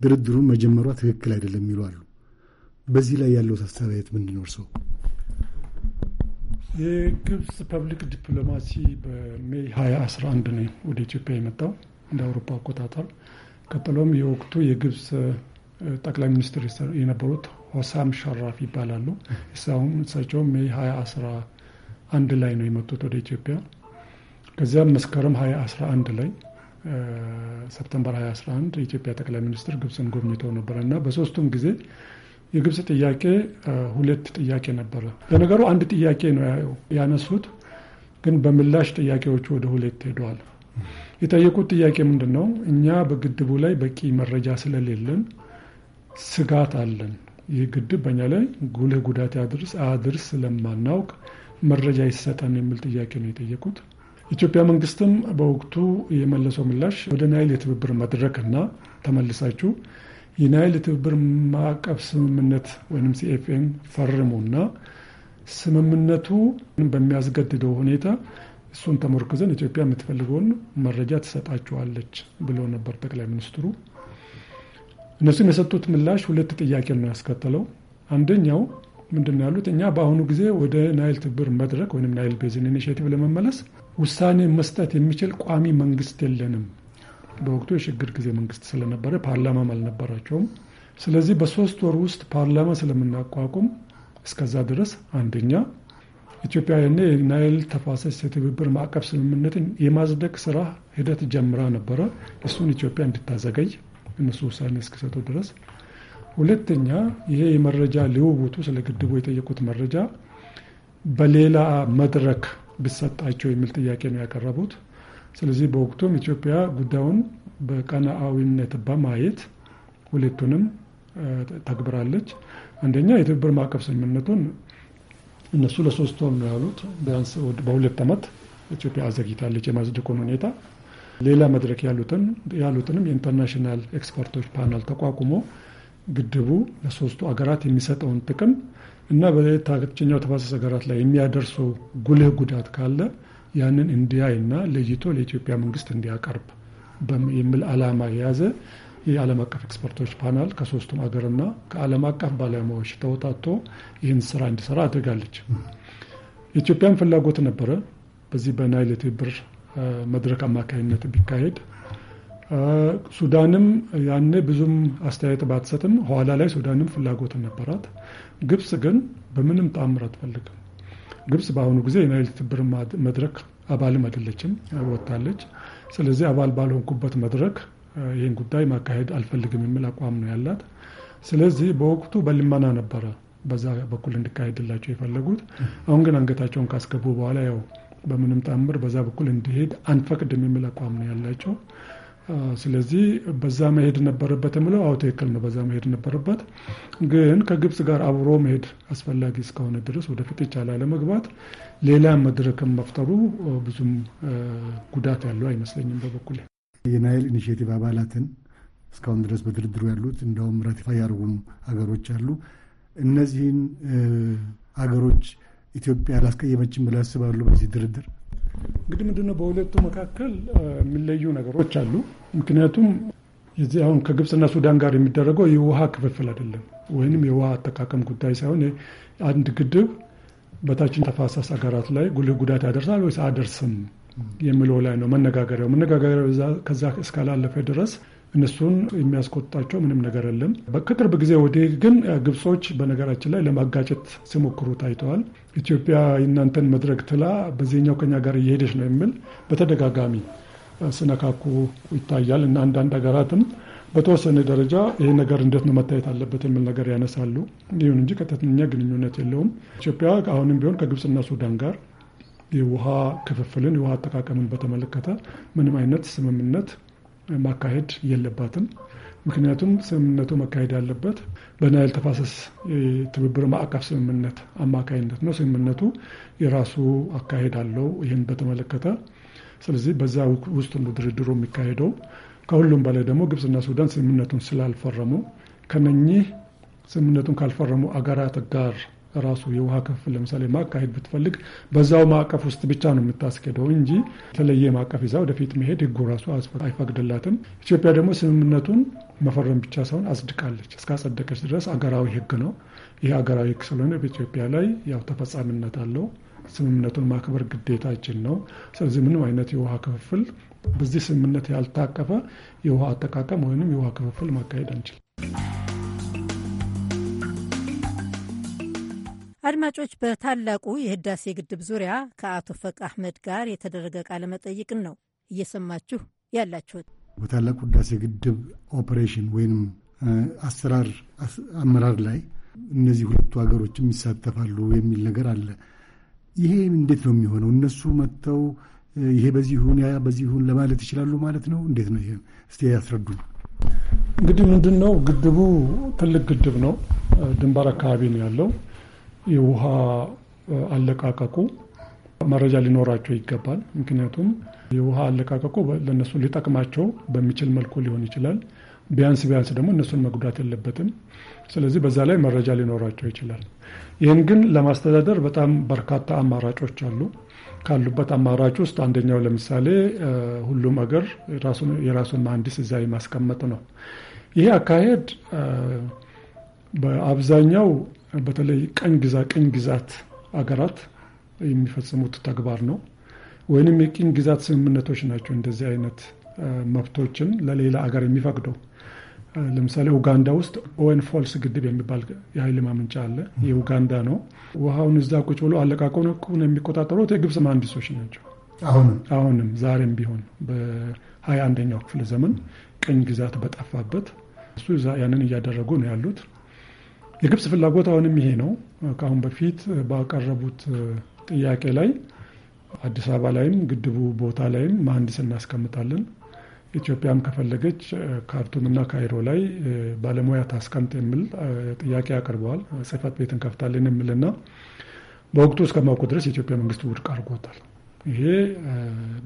ድርድሩን መጀመሯ ትክክል አይደለም የሚሉ በዚህ ላይ ያለው አስተያየት ምንድን ነው እርስዎ? የግብፅ ፐብሊክ ዲፕሎማሲ በሜይ 2011 ነው ወደ ኢትዮጵያ የመጣው እንደ አውሮፓ አቆጣጠር ቀጥሎም የወቅቱ የግብፅ ጠቅላይ ሚኒስትር የነበሩት ሆሳም ሸራፍ ይባላሉ። እሳሁን እሳቸውም ሜይ 2011 ላይ ነው የመጡት ወደ ኢትዮጵያ። ከዚያም መስከረም 2011 ላይ ሰፕተምበር 2011 የኢትዮጵያ ጠቅላይ ሚኒስትር ግብፅን ጎብኝተው ነበረ እና በሶስቱም ጊዜ የግብፅ ጥያቄ ሁለት ጥያቄ ነበረ። ለነገሩ አንድ ጥያቄ ነው ያነሱት፣ ግን በምላሽ ጥያቄዎቹ ወደ ሁለት ሄደዋል። የጠየቁት ጥያቄ ምንድን ነው? እኛ በግድቡ ላይ በቂ መረጃ ስለሌለን ስጋት አለን። ይህ ግድብ በእኛ ላይ ጉልህ ጉዳት ያድርስ አያድርስ ስለማናውቅ መረጃ ይሰጠን የሚል ጥያቄ ነው የጠየቁት። ኢትዮጵያ መንግስትም በወቅቱ የመለሰው ምላሽ ወደ ናይል የትብብር መድረክ እና ተመልሳችሁ የናይል የትብብር ማዕቀፍ ስምምነት ወይም ፈርሙ ፈርሙና ስምምነቱ በሚያስገድደው ሁኔታ እሱን ተሞርክዘን ኢትዮጵያ የምትፈልገውን መረጃ ትሰጣችኋለች ብሎ ነበር ጠቅላይ ሚኒስትሩ። እነሱም የሰጡት ምላሽ ሁለት ጥያቄ ነው ያስከተለው። አንደኛው ምንድን ነው ያሉት? እኛ በአሁኑ ጊዜ ወደ ናይል ትብብር መድረክ ወይም ናይል ቤዝን ኢኒሽቲቭ ለመመለስ ውሳኔ መስጠት የሚችል ቋሚ መንግስት የለንም። በወቅቱ የሽግግር ጊዜ መንግስት ስለነበረ ፓርላማም አልነበራቸውም። ስለዚህ በሶስት ወር ውስጥ ፓርላማ ስለምናቋቁም እስከዛ ድረስ አንደኛ ኢትዮጵያና የናይል ተፋሰስ የትብብር ማዕቀፍ ስምምነትን የማጽደቅ ስራ ሂደት ጀምራ ነበረ። እሱን ኢትዮጵያ እንድታዘገይ እነሱ ውሳኔ እስኪሰጡ ድረስ። ሁለተኛ ይሄ የመረጃ ልውውጡ ስለ ግድቡ የጠየቁት መረጃ በሌላ መድረክ ብሰጣቸው የሚል ጥያቄ ነው ያቀረቡት። ስለዚህ በወቅቱም ኢትዮጵያ ጉዳዩን በቀናአዊነት በማየት ሁለቱንም ተግብራለች። አንደኛ የትብብር ማዕቀፍ ስምምነቱን እነሱ ለሶስት ወር ነው ያሉት። ቢያንስ በሁለት ዓመት ኢትዮጵያ አዘግይታለች የማጽደቁን ሁኔታ። ሌላ መድረክ ያሉትን ያሉትንም የኢንተርናሽናል ኤክስፐርቶች ፓናል ተቋቁሞ ግድቡ ለሶስቱ አገራት የሚሰጠውን ጥቅም እና በታችኛው ተፋሰስ ሀገራት ላይ የሚያደርሱ ጉልህ ጉዳት ካለ ያንን እንዲያይና ለይቶ ለኢትዮጵያ መንግስት እንዲያቀርብ የሚል ዓላማ የያዘ የዓለም አቀፍ ኤክስፐርቶች ፓናል ከሶስቱም ሀገርና ከዓለም አቀፍ ባለሙያዎች ተወታቶ ይህን ስራ እንዲሰራ አድርጋለች። የኢትዮጵያን ፍላጎት ነበረ በዚህ በናይል የትብብር መድረክ አማካኝነት ቢካሄድ። ሱዳንም ያኔ ብዙም አስተያየት ባትሰጥም ኋላ ላይ ሱዳንም ፍላጎት ነበራት። ግብጽ ግን በምንም ተአምር አትፈልግም። ግብጽ በአሁኑ ጊዜ የናይል ትብብር መድረክ አባልም አይደለችም፣ ወጥታለች። ስለዚህ አባል ባልሆንኩበት መድረክ ይህን ጉዳይ ማካሄድ አልፈልግም የሚል አቋም ነው ያላት። ስለዚህ በወቅቱ በልመና ነበረ በዛ በኩል እንዲካሄድላቸው የፈለጉት። አሁን ግን አንገታቸውን ካስገቡ በኋላ ያው በምንም ጣምር በዛ በኩል እንዲሄድ አንፈቅድም የሚል አቋም ነው ያላቸው። ስለዚህ በዛ መሄድ ነበረበት የምለው አዎ ትክክል ነው፣ በዛ መሄድ ነበረበት። ግን ከግብጽ ጋር አብሮ መሄድ አስፈላጊ እስከሆነ ድረስ ወደፊት ይቻላ ለመግባት ሌላ መድረክም መፍጠሩ ብዙም ጉዳት ያለው አይመስለኝም በበኩሌ። የናይል ኢኒሽቲቭ አባላትን እስካሁን ድረስ በድርድሩ ያሉት እንደውም ራቲፋይ ያደርጉም ሀገሮች አሉ። እነዚህን ሀገሮች ኢትዮጵያ አላስቀየመችም ብለው ያስባሉ? በዚህ ድርድር እንግዲህ ምንድነው በሁለቱ መካከል የሚለዩ ነገሮች አሉ። ምክንያቱም የዚህ አሁን ከግብፅና ሱዳን ጋር የሚደረገው የውሃ ክፍፍል አይደለም፣ ወይም የውሃ አጠቃቀም ጉዳይ ሳይሆን አንድ ግድብ በታችን ተፋሰስ ሀገራት ላይ ጉልህ ጉዳት ያደርሳል ወይስ አደርስም የሚለው ላይ ነው መነጋገሪያው። መነጋገሪያው ከዛ እስካላለፈ ድረስ እነሱን የሚያስቆጣቸው ምንም ነገር የለም። ከቅርብ ጊዜ ወዲህ ግን ግብጾች በነገራችን ላይ ለማጋጨት ሲሞክሩ ታይተዋል። ኢትዮጵያ የእናንተን መድረክ ትላ በዚህኛው ከኛ ጋር እየሄደች ነው የሚል በተደጋጋሚ ስነካኩ ይታያል እና አንዳንድ ሀገራትም በተወሰነ ደረጃ ይሄ ነገር እንዴት ነው መታየት አለበት የሚል ነገር ያነሳሉ። ይሁን እንጂ ቀጥተኛ ግንኙነት የለውም። ኢትዮጵያ አሁንም ቢሆን ከግብፅና ሱዳን ጋር የውሃ ክፍፍልን የውሃ አጠቃቀምን በተመለከተ ምንም አይነት ስምምነት ማካሄድ የለባትም። ምክንያቱም ስምምነቱ መካሄድ ያለበት በናይል ተፋሰስ ትብብር ማዕቀፍ ስምምነት አማካኝነት ነው። ስምምነቱ የራሱ አካሄድ አለው ይህን በተመለከተ። ስለዚህ በዛ ውስጥ ነው ድርድሩ የሚካሄደው። ከሁሉም በላይ ደግሞ ግብፅና ሱዳን ስምምነቱን ስላልፈረሙ ከነኚህ ስምምነቱን ካልፈረሙ አገራት ጋር ራሱ የውሃ ክፍፍል ለምሳሌ ማካሄድ ብትፈልግ በዛው ማዕቀፍ ውስጥ ብቻ ነው የምታስኬደው እንጂ የተለየ ማዕቀፍ ይዛ ወደፊት መሄድ ህጉ ራሱ አይፈቅድላትም። ኢትዮጵያ ደግሞ ስምምነቱን መፈረም ብቻ ሳይሆን አጽድቃለች። እስካጸደቀች ድረስ አገራዊ ህግ ነው። ይህ አገራዊ ህግ ስለሆነ በኢትዮጵያ ላይ ያው ተፈጻሚነት አለው። ስምምነቱን ማክበር ግዴታችን ነው። ስለዚህ ምንም አይነት የውሃ ክፍፍል በዚህ ስምምነት ያልታቀፈ የውሃ አጠቃቀም ወይም የውሃ ክፍፍል ማካሄድ አንችልም። አድማጮች፣ በታላቁ የህዳሴ ግድብ ዙሪያ ከአቶ ፈቅ አህመድ ጋር የተደረገ ቃለ መጠይቅን ነው እየሰማችሁ ያላችሁት። በታላቁ ህዳሴ ግድብ ኦፕሬሽን ወይም አሰራር አመራር ላይ እነዚህ ሁለቱ ሀገሮችም ይሳተፋሉ የሚል ነገር አለ። ይሄ እንዴት ነው የሚሆነው? እነሱ መጥተው ይሄ በዚህ ሁን ያ በዚህ ሁን ለማለት ይችላሉ ማለት ነው? እንዴት ነው? ይሄ እስቲ ያስረዱ። እንግዲህ ምንድን ነው ግድቡ ትልቅ ግድብ ነው። ድንበር አካባቢ ነው ያለው የውሃ አለቃቀቁ መረጃ ሊኖራቸው ይገባል። ምክንያቱም የውሃ አለቃቀቁ ለእነሱ ሊጠቅማቸው በሚችል መልኩ ሊሆን ይችላል። ቢያንስ ቢያንስ ደግሞ እነሱን መጉዳት የለበትም። ስለዚህ በዛ ላይ መረጃ ሊኖራቸው ይችላል። ይህን ግን ለማስተዳደር በጣም በርካታ አማራጮች አሉ። ካሉበት አማራጭ ውስጥ አንደኛው ለምሳሌ ሁሉም አገር የራሱን መሐንዲስ እዛ ማስቀመጥ ነው። ይሄ አካሄድ በአብዛኛው በተለይ ቀኝ ግዛ ቀኝ ግዛት አገራት የሚፈጽሙት ተግባር ነው ወይንም የቅኝ ግዛት ስምምነቶች ናቸው እንደዚህ አይነት መብቶችን ለሌላ አገር የሚፈቅደው። ለምሳሌ ኡጋንዳ ውስጥ ኦዌን ፎልስ ግድብ የሚባል የኃይል ማመንጫ አለ። የኡጋንዳ ነው። ውሃውን እዛ ቁጭ ብሎ አለቃቀቁን የሚቆጣጠሩት የግብፅ መሀንዲሶች ናቸው። አሁንም አሁንም ዛሬም ቢሆን በሀያ አንደኛው ክፍለ ዘመን ቅኝ ግዛት በጠፋበት እሱ ያንን እያደረጉ ነው ያሉት። የግብፅ ፍላጎት አሁንም ይሄ ነው። ከአሁን በፊት ባቀረቡት ጥያቄ ላይ አዲስ አበባ ላይም ግድቡ ቦታ ላይም መሀንዲስ እናስቀምጣለን፣ ኢትዮጵያም ከፈለገች ካርቱምና ካይሮ ላይ ባለሙያ ታስቀምጥ የሚል ጥያቄ ያቀርበዋል። ጽህፈት ቤት እንከፍታለን የሚልና በወቅቱ እስከማውቁ ድረስ የኢትዮጵያ መንግስት ውድቅ አድርጎታል። ይሄ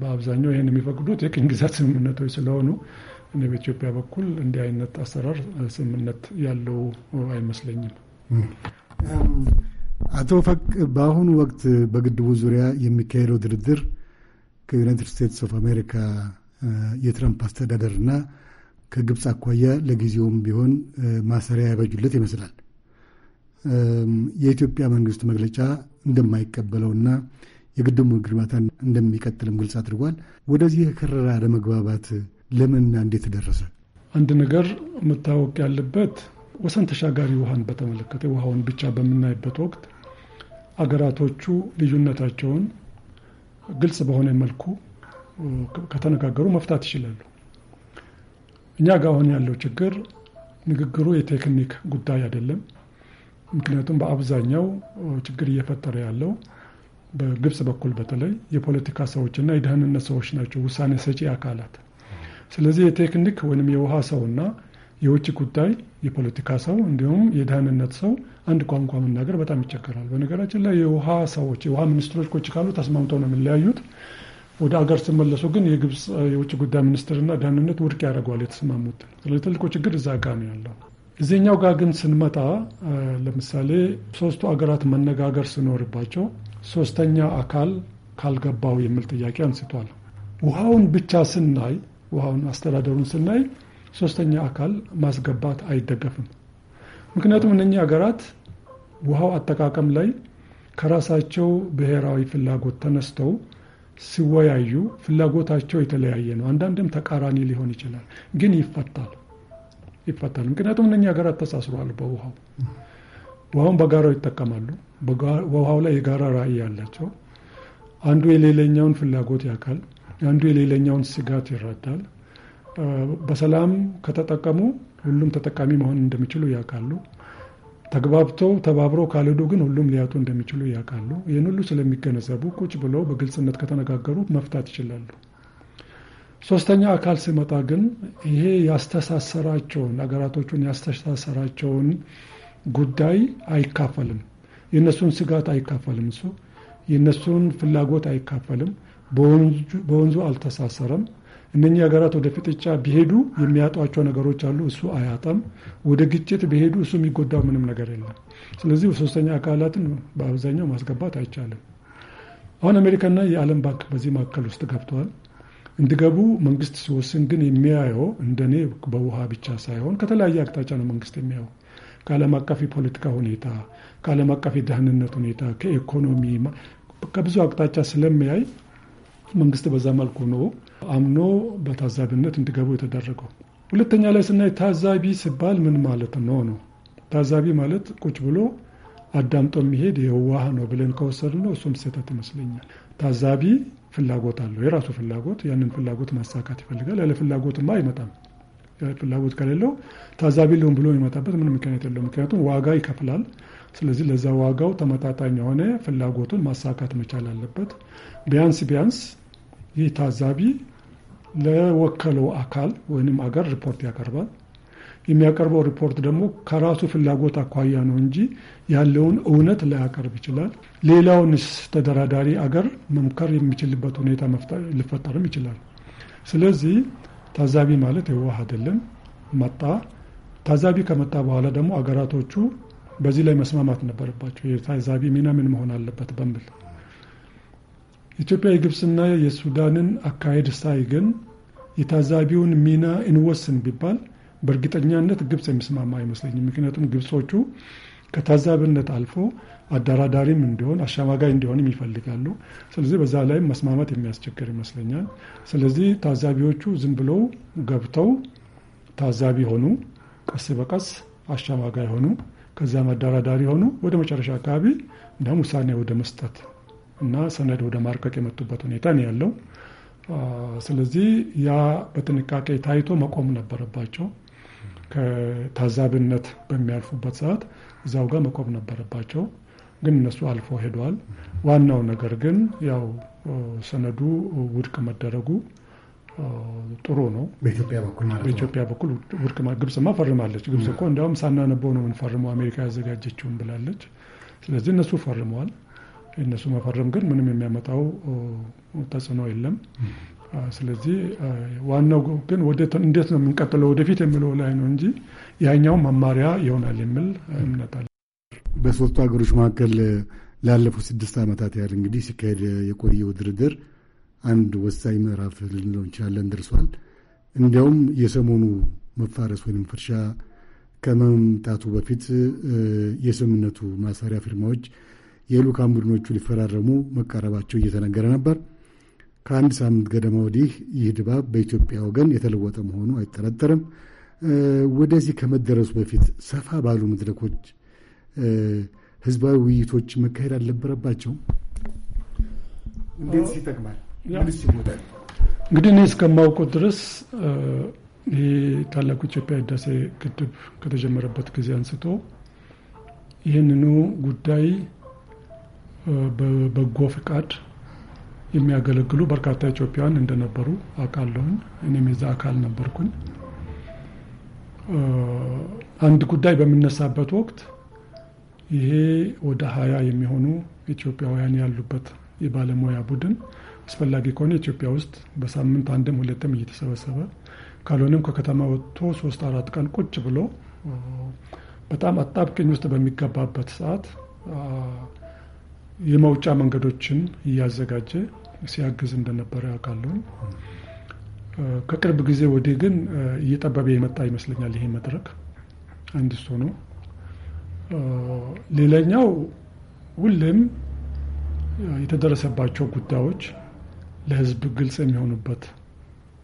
በአብዛኛው ይህን የሚፈቅዱት የቅኝ ግዛት ስምምነቶች ስለሆኑ በኢትዮጵያ በኩል እንዲህ አይነት አሰራር ስምምነት ያለው አይመስለኝም። አቶ ፈቅ በአሁኑ ወቅት በግድቡ ዙሪያ የሚካሄደው ድርድር ከዩናይትድ ስቴትስ ኦፍ አሜሪካ የትራምፕ አስተዳደርና ከግብፅ አኳያ ለጊዜውም ቢሆን ማሰሪያ ያበጁለት ይመስላል። የኢትዮጵያ መንግስት መግለጫ እንደማይቀበለውና የግድቡ ግንባታ እንደሚቀጥልም ግልጽ አድርጓል። ወደዚህ የከረረ አለመግባባት ለምንና እንዴት ደረሰ? አንድ ነገር መታወቅ ያለበት ወሰን ተሻጋሪ ውሃን በተመለከተ ውሃውን ብቻ በምናይበት ወቅት አገራቶቹ ልዩነታቸውን ግልጽ በሆነ መልኩ ከተነጋገሩ መፍታት ይችላሉ። እኛ ጋር አሁን ያለው ችግር ንግግሩ የቴክኒክ ጉዳይ አይደለም። ምክንያቱም በአብዛኛው ችግር እየፈጠረ ያለው በግብጽ በኩል በተለይ የፖለቲካ ሰዎችና የደህንነት ሰዎች ናቸው፣ ውሳኔ ሰጪ አካላት ስለዚህ የቴክኒክ ወይም የውሃ ሰውና የውጭ ጉዳይ የፖለቲካ ሰው እንዲሁም የደህንነት ሰው አንድ ቋንቋ መናገር በጣም ይቸገራል። በነገራችን ላይ የውሃ ሰዎች የውሃ ሚኒስትሮች ቁጭ ካሉ ተስማምተው ነው የሚለያዩት። ወደ አገር ስመለሱ ግን የግብፅ የውጭ ጉዳይ ሚኒስትርና ደህንነት ውድቅ ያደርገዋል የተስማሙት። ስለዚህ ትልቁ ችግር እዛ ጋ ነው ያለው። እዚህኛው ጋር ግን ስንመጣ ለምሳሌ ሶስቱ አገራት መነጋገር ስኖርባቸው ሶስተኛ አካል ካልገባው የሚል ጥያቄ አንስቷል። ውሃውን ብቻ ስናይ ውሃውን አስተዳደሩን ስናይ ሶስተኛ አካል ማስገባት አይደገፍም። ምክንያቱም እነኚህ ሀገራት ውሃው አጠቃቀም ላይ ከራሳቸው ብሔራዊ ፍላጎት ተነስተው ሲወያዩ ፍላጎታቸው የተለያየ ነው። አንዳንድም ተቃራኒ ሊሆን ይችላል፣ ግን ይፈታል ይፈታል። ምክንያቱም እነኚህ ሀገራት ተሳስረዋል በውሃው ውሃውን በጋራው ይጠቀማሉ። በውሃው ላይ የጋራ ራዕይ ያላቸው አንዱ የሌለኛውን ፍላጎት ያውቃል። የአንዱ የሌለኛውን ስጋት ይረዳል። በሰላም ከተጠቀሙ ሁሉም ተጠቃሚ መሆን እንደሚችሉ ያውቃሉ። ተግባብተው ተባብሮ ካልሄዱ ግን ሁሉም ሊያጡ እንደሚችሉ ያውቃሉ። ይህን ሁሉ ስለሚገነዘቡ ቁጭ ብለው በግልጽነት ከተነጋገሩ መፍታት ይችላሉ። ሶስተኛ አካል ሲመጣ ግን ይሄ ያስተሳሰራቸውን አገራቶቹን ያስተሳሰራቸውን ጉዳይ አይካፈልም። የእነሱን ስጋት አይካፈልም። እሱ የእነሱን ፍላጎት አይካፈልም። በወንዙ አልተሳሰረም። እነኚህ ሀገራት ወደ ፍጥጫ ቢሄዱ የሚያጧቸው ነገሮች አሉ። እሱ አያጣም። ወደ ግጭት ቢሄዱ እሱ የሚጎዳው ምንም ነገር የለም። ስለዚህ ሶስተኛ አካላትን በአብዛኛው ማስገባት አይቻልም። አሁን አሜሪካና የዓለም ባንክ በዚህ መካከል ውስጥ ገብተዋል። እንዲገቡ መንግስት ሲወስን ግን የሚያየው እንደኔ በውሃ ብቻ ሳይሆን ከተለያየ አቅጣጫ ነው መንግስት የሚያየው ከዓለም አቀፍ የፖለቲካ ሁኔታ፣ ከዓለም አቀፍ የደህንነት ሁኔታ፣ ከኢኮኖሚ ከብዙ አቅጣጫ ስለሚያይ መንግስት በዛ መልኩ ነው አምኖ በታዛቢነት እንዲገቡ የተደረገው። ሁለተኛ ላይ ስናይ ታዛቢ ሲባል ምን ማለት ነው ነው? ታዛቢ ማለት ቁጭ ብሎ አዳምጦ የሚሄድ የዋህ ነው ብለን ከወሰድነው እሱም ስህተት ይመስለኛል። ታዛቢ ፍላጎት አለው፣ የራሱ ፍላጎት፣ ያንን ፍላጎት ማሳካት ይፈልጋል። ያለ ፍላጎትማ አይመጣም። ፍላጎት ከሌለው ታዛቢ ሊሆን ብሎ የሚመጣበት ምን ምክንያት የለው። ምክንያቱም ዋጋ ይከፍላል። ስለዚህ ለዛ ዋጋው ተመጣጣኝ የሆነ ፍላጎቱን ማሳካት መቻል አለበት። ቢያንስ ቢያንስ ይህ ታዛቢ ለወከለው አካል ወይም አገር ሪፖርት ያቀርባል። የሚያቀርበው ሪፖርት ደግሞ ከራሱ ፍላጎት አኳያ ነው እንጂ ያለውን እውነት ላያቀርብ ይችላል። ሌላውንስ ተደራዳሪ አገር መምከር የሚችልበት ሁኔታ ሊፈጠርም ይችላል። ስለዚህ ታዛቢ ማለት የዋህ አይደለም። መጣ ታዛቢ ከመጣ በኋላ ደግሞ አገራቶቹ በዚህ ላይ መስማማት ነበረባቸው። የታዛቢ ሚና ምን መሆን አለበት በሚል ኢትዮጵያ የግብፅና የሱዳንን አካሄድ ሳይ ግን የታዛቢውን ሚና እንወስን ቢባል በእርግጠኛነት ግብፅ የሚስማማ አይመስለኝም። ምክንያቱም ግብጾቹ ከታዛቢነት አልፎ አደራዳሪም እንዲሆን አሸማጋይ እንዲሆንም ይፈልጋሉ። ስለዚህ በዛ ላይ መስማማት የሚያስቸግር ይመስለኛል። ስለዚህ ታዛቢዎቹ ዝም ብለው ገብተው ታዛቢ ሆኑ፣ ቀስ በቀስ አሸማጋይ ሆኑ። ከዛ መደራዳሪ ሆኑ ወደ መጨረሻ አካባቢ እንዲሁም ውሳኔ ወደ መስጠት እና ሰነድ ወደ ማርቀቅ የመጡበት ሁኔታ ነው ያለው። ስለዚህ ያ በጥንቃቄ ታይቶ መቆም ነበረባቸው። ከታዛቢነት በሚያልፉበት ሰዓት እዛው ጋር መቆም ነበረባቸው፣ ግን እነሱ አልፎ ሄደዋል። ዋናው ነገር ግን ያው ሰነዱ ውድቅ መደረጉ ጥሩ ነው። በኢትዮጵያ በኩል ማለት ነው። በኢትዮጵያ በኩል ውድቅማ ግብጽማ ፈርማለች። ግብጽ እኮ እንዲያውም ሳናነበው ነው የምንፈርመው አሜሪካ ያዘጋጀችውን ብላለች። ስለዚህ እነሱ ፈርመዋል። እነሱ መፈረም ግን ምንም የሚያመጣው ተጽዕኖ የለም። ስለዚህ ዋናው ግን እንዴት ነው የምንቀጥለው ወደፊት የሚለው ላይ ነው እንጂ ያኛው መማሪያ ይሆናል የሚል እምነት አለ። በሶስቱ ሀገሮች መካከል ላለፉት ስድስት ዓመታት ያህል እንግዲህ ሲካሄድ የቆየው ድርድር አንድ ወሳኝ ምዕራፍ ልንለው እንችላለን ደርሷል። እንዲያውም የሰሞኑ መፋረስ ወይም ፍርሻ ከመምጣቱ በፊት የስምምነቱ ማሰሪያ ፊርማዎች የልዑካን ቡድኖቹ ሊፈራረሙ መቃረባቸው እየተነገረ ነበር። ከአንድ ሳምንት ገደማ ወዲህ ይህ ድባብ በኢትዮጵያ ወገን የተለወጠ መሆኑ አይጠረጠርም። ወደዚህ ከመደረሱ በፊት ሰፋ ባሉ መድረኮች ህዝባዊ ውይይቶች መካሄድ አልነበረባቸውም? እንዴት ይጠቅማል? እንግዲህ እኔ እስከማውቁት ድረስ ይሄ ታላቁ ኢትዮጵያ ህዳሴ ግድብ ከተጀመረበት ጊዜ አንስቶ ይህንኑ ጉዳይ በበጎ ፍቃድ የሚያገለግሉ በርካታ ኢትዮጵያውያን እንደነበሩ አውቃለሁኝ። እኔም የዛ አካል ነበርኩኝ። አንድ ጉዳይ በሚነሳበት ወቅት ይሄ ወደ ሀያ የሚሆኑ ኢትዮጵያውያን ያሉበት የባለሙያ ቡድን አስፈላጊ ከሆነ ኢትዮጵያ ውስጥ በሳምንት አንድም ሁለትም እየተሰበሰበ ካልሆነም ከከተማ ወጥቶ ሶስት አራት ቀን ቁጭ ብሎ በጣም አጣብቅኝ ውስጥ በሚገባበት ሰዓት የመውጫ መንገዶችን እያዘጋጀ ሲያግዝ እንደነበረ ያውቃለሁ። ከቅርብ ጊዜ ወዲህ ግን እየጠበበ የመጣ ይመስለኛል ይሄ መድረክ አንድ እሱ ነው። ሌላኛው ሁሌም የተደረሰባቸው ጉዳዮች ለህዝብ ግልጽ የሚሆኑበት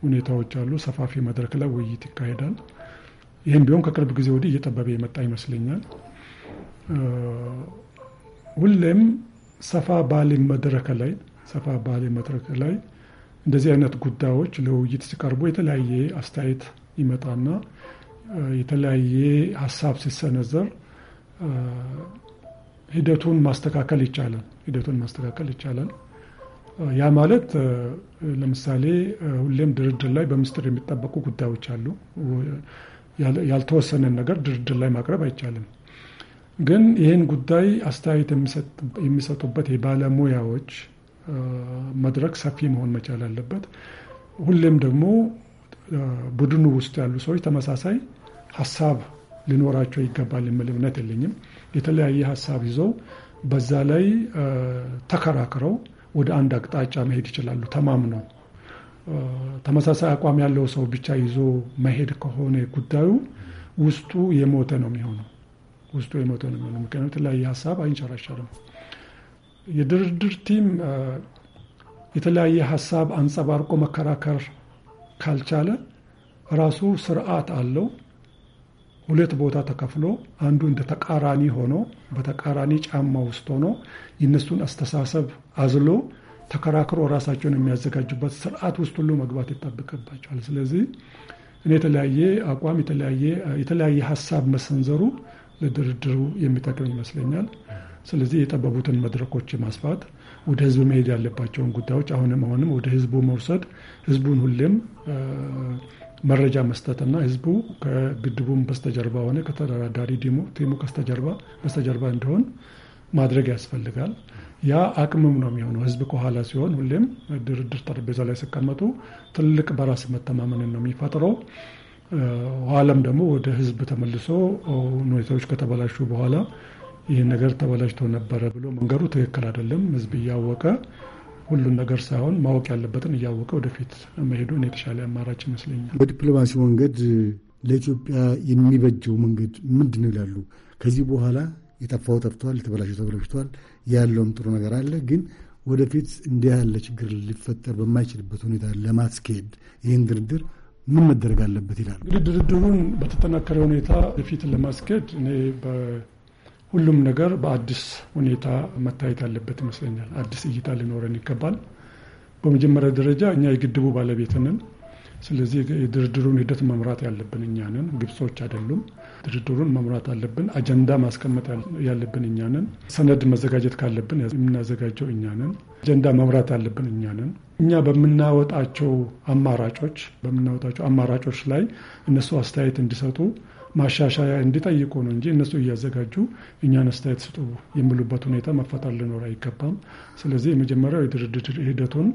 ሁኔታዎች አሉ። ሰፋፊ መድረክ ላይ ውይይት ይካሄዳል። ይህም ቢሆን ከቅርብ ጊዜ ወዲህ እየጠበበ የመጣ ይመስለኛል። ሁሌም ሰፋ ባለ መድረክ ላይ ሰፋ ባለ መድረክ ላይ እንደዚህ አይነት ጉዳዮች ለውይይት ሲቀርቡ የተለያየ አስተያየት ይመጣና የተለያየ ሀሳብ ሲሰነዘር ሂደቱን ማስተካከል ይቻላል ሂደቱን ማስተካከል ይቻላል። ያ ማለት ለምሳሌ ሁሌም ድርድር ላይ በምስጢር የሚጠበቁ ጉዳዮች አሉ። ያልተወሰነን ነገር ድርድር ላይ ማቅረብ አይቻልም። ግን ይህን ጉዳይ አስተያየት የሚሰጡበት የባለሙያዎች መድረክ ሰፊ መሆን መቻል አለበት። ሁሌም ደግሞ ቡድኑ ውስጥ ያሉ ሰዎች ተመሳሳይ ሀሳብ ሊኖራቸው ይገባል የሚል እምነት የለኝም። የተለያየ ሀሳብ ይዘው በዛ ላይ ተከራክረው ወደ አንድ አቅጣጫ መሄድ ይችላሉ ተማምነው። ተመሳሳይ አቋም ያለው ሰው ብቻ ይዞ መሄድ ከሆነ ጉዳዩ ውስጡ የሞተ ነው የሚሆነው። ውስጡ የሞተ ነው የሚሆነው። ምክንያቱም የተለያየ ሀሳብ አይንሸራሸርም። የድርድር ቲም የተለያየ ሀሳብ አንጸባርቆ መከራከር ካልቻለ ራሱ ስርዓት አለው። ሁለት ቦታ ተከፍሎ አንዱ እንደ ተቃራኒ ሆኖ በተቃራኒ ጫማ ውስጥ ሆኖ የእነሱን አስተሳሰብ አዝሎ ተከራክሮ ራሳቸውን የሚያዘጋጁበት ስርዓት ውስጥ ሁሉ መግባት ይጠበቅባቸዋል። ስለዚህ እኔ የተለያየ አቋም የተለያየ ሀሳብ መሰንዘሩ ለድርድሩ የሚጠቅም ይመስለኛል። ስለዚህ የጠበቡትን መድረኮች ማስፋት፣ ወደ ህዝብ መሄድ ያለባቸውን ጉዳዮች አሁንም አሁንም ወደ ህዝቡ መውሰድ፣ ህዝቡን ሁሌም መረጃ መስጠትና ህዝቡ ከግድቡም በስተጀርባ ሆነ ከተደራዳሪ ቲሙ ከስተጀርባ በስተጀርባ እንደሆን ማድረግ ያስፈልጋል። ያ አቅምም ነው የሚሆነው። ህዝብ ከኋላ ሲሆን ሁሌም ድርድር ጠረጴዛ ላይ ሲቀመጡ ትልቅ በራስ መተማመንን ነው የሚፈጥረው። ኋላም ደግሞ ወደ ህዝብ ተመልሶ ሁኔታዎች ከተበላሹ በኋላ ይህ ነገር ተበላሽቶ ነበረ ብሎ መንገዱ ትክክል አይደለም። ህዝብ እያወቀ ሁሉን ነገር ሳይሆን ማወቅ ያለበትን እያወቀ ወደፊት መሄዱን የተሻለ አማራጭ ይመስለኛል። በዲፕሎማሲ መንገድ ለኢትዮጵያ የሚበጀው መንገድ ምንድን ነው ይላሉ? ከዚህ በኋላ የጠፋው ጠፍቷል፣ የተበላሸው ተበላሽቷል፣ ያለውም ጥሩ ነገር አለ። ግን ወደፊት እንዲህ ያለ ችግር ሊፈጠር በማይችልበት ሁኔታ ለማስኬድ ይህን ድርድር ምን መደረግ አለበት ይላል እንግዲህ ድርድሩን በተጠናከረ ሁኔታ ፊትን ለማስኬድ እኔ ሁሉም ነገር በአዲስ ሁኔታ መታየት አለበት ይመስለኛል። አዲስ እይታ ሊኖረን ይገባል። በመጀመሪያ ደረጃ እኛ የግድቡ ባለቤት ነን። ስለዚህ የድርድሩን ሂደት መምራት ያለብን እኛንን ግብጾች አይደሉም። ድርድሩን መምራት አለብን። አጀንዳ ማስቀመጥ ያለብን እኛንን። ሰነድ መዘጋጀት ካለብን የምናዘጋጀው እኛንን። አጀንዳ መምራት አለብን እኛንን። እኛ በምናወጣቸው አማራጮች በምናወጣቸው አማራጮች ላይ እነሱ አስተያየት እንዲሰጡ ማሻሻያ እንዲጠይቁ ነው እንጂ እነሱ እያዘጋጁ እኛን አስተያየት ስጡ የሚሉበት ሁኔታ መፈጠር ሊኖር አይገባም። ስለዚህ የመጀመሪያው የድርድር ሂደቱን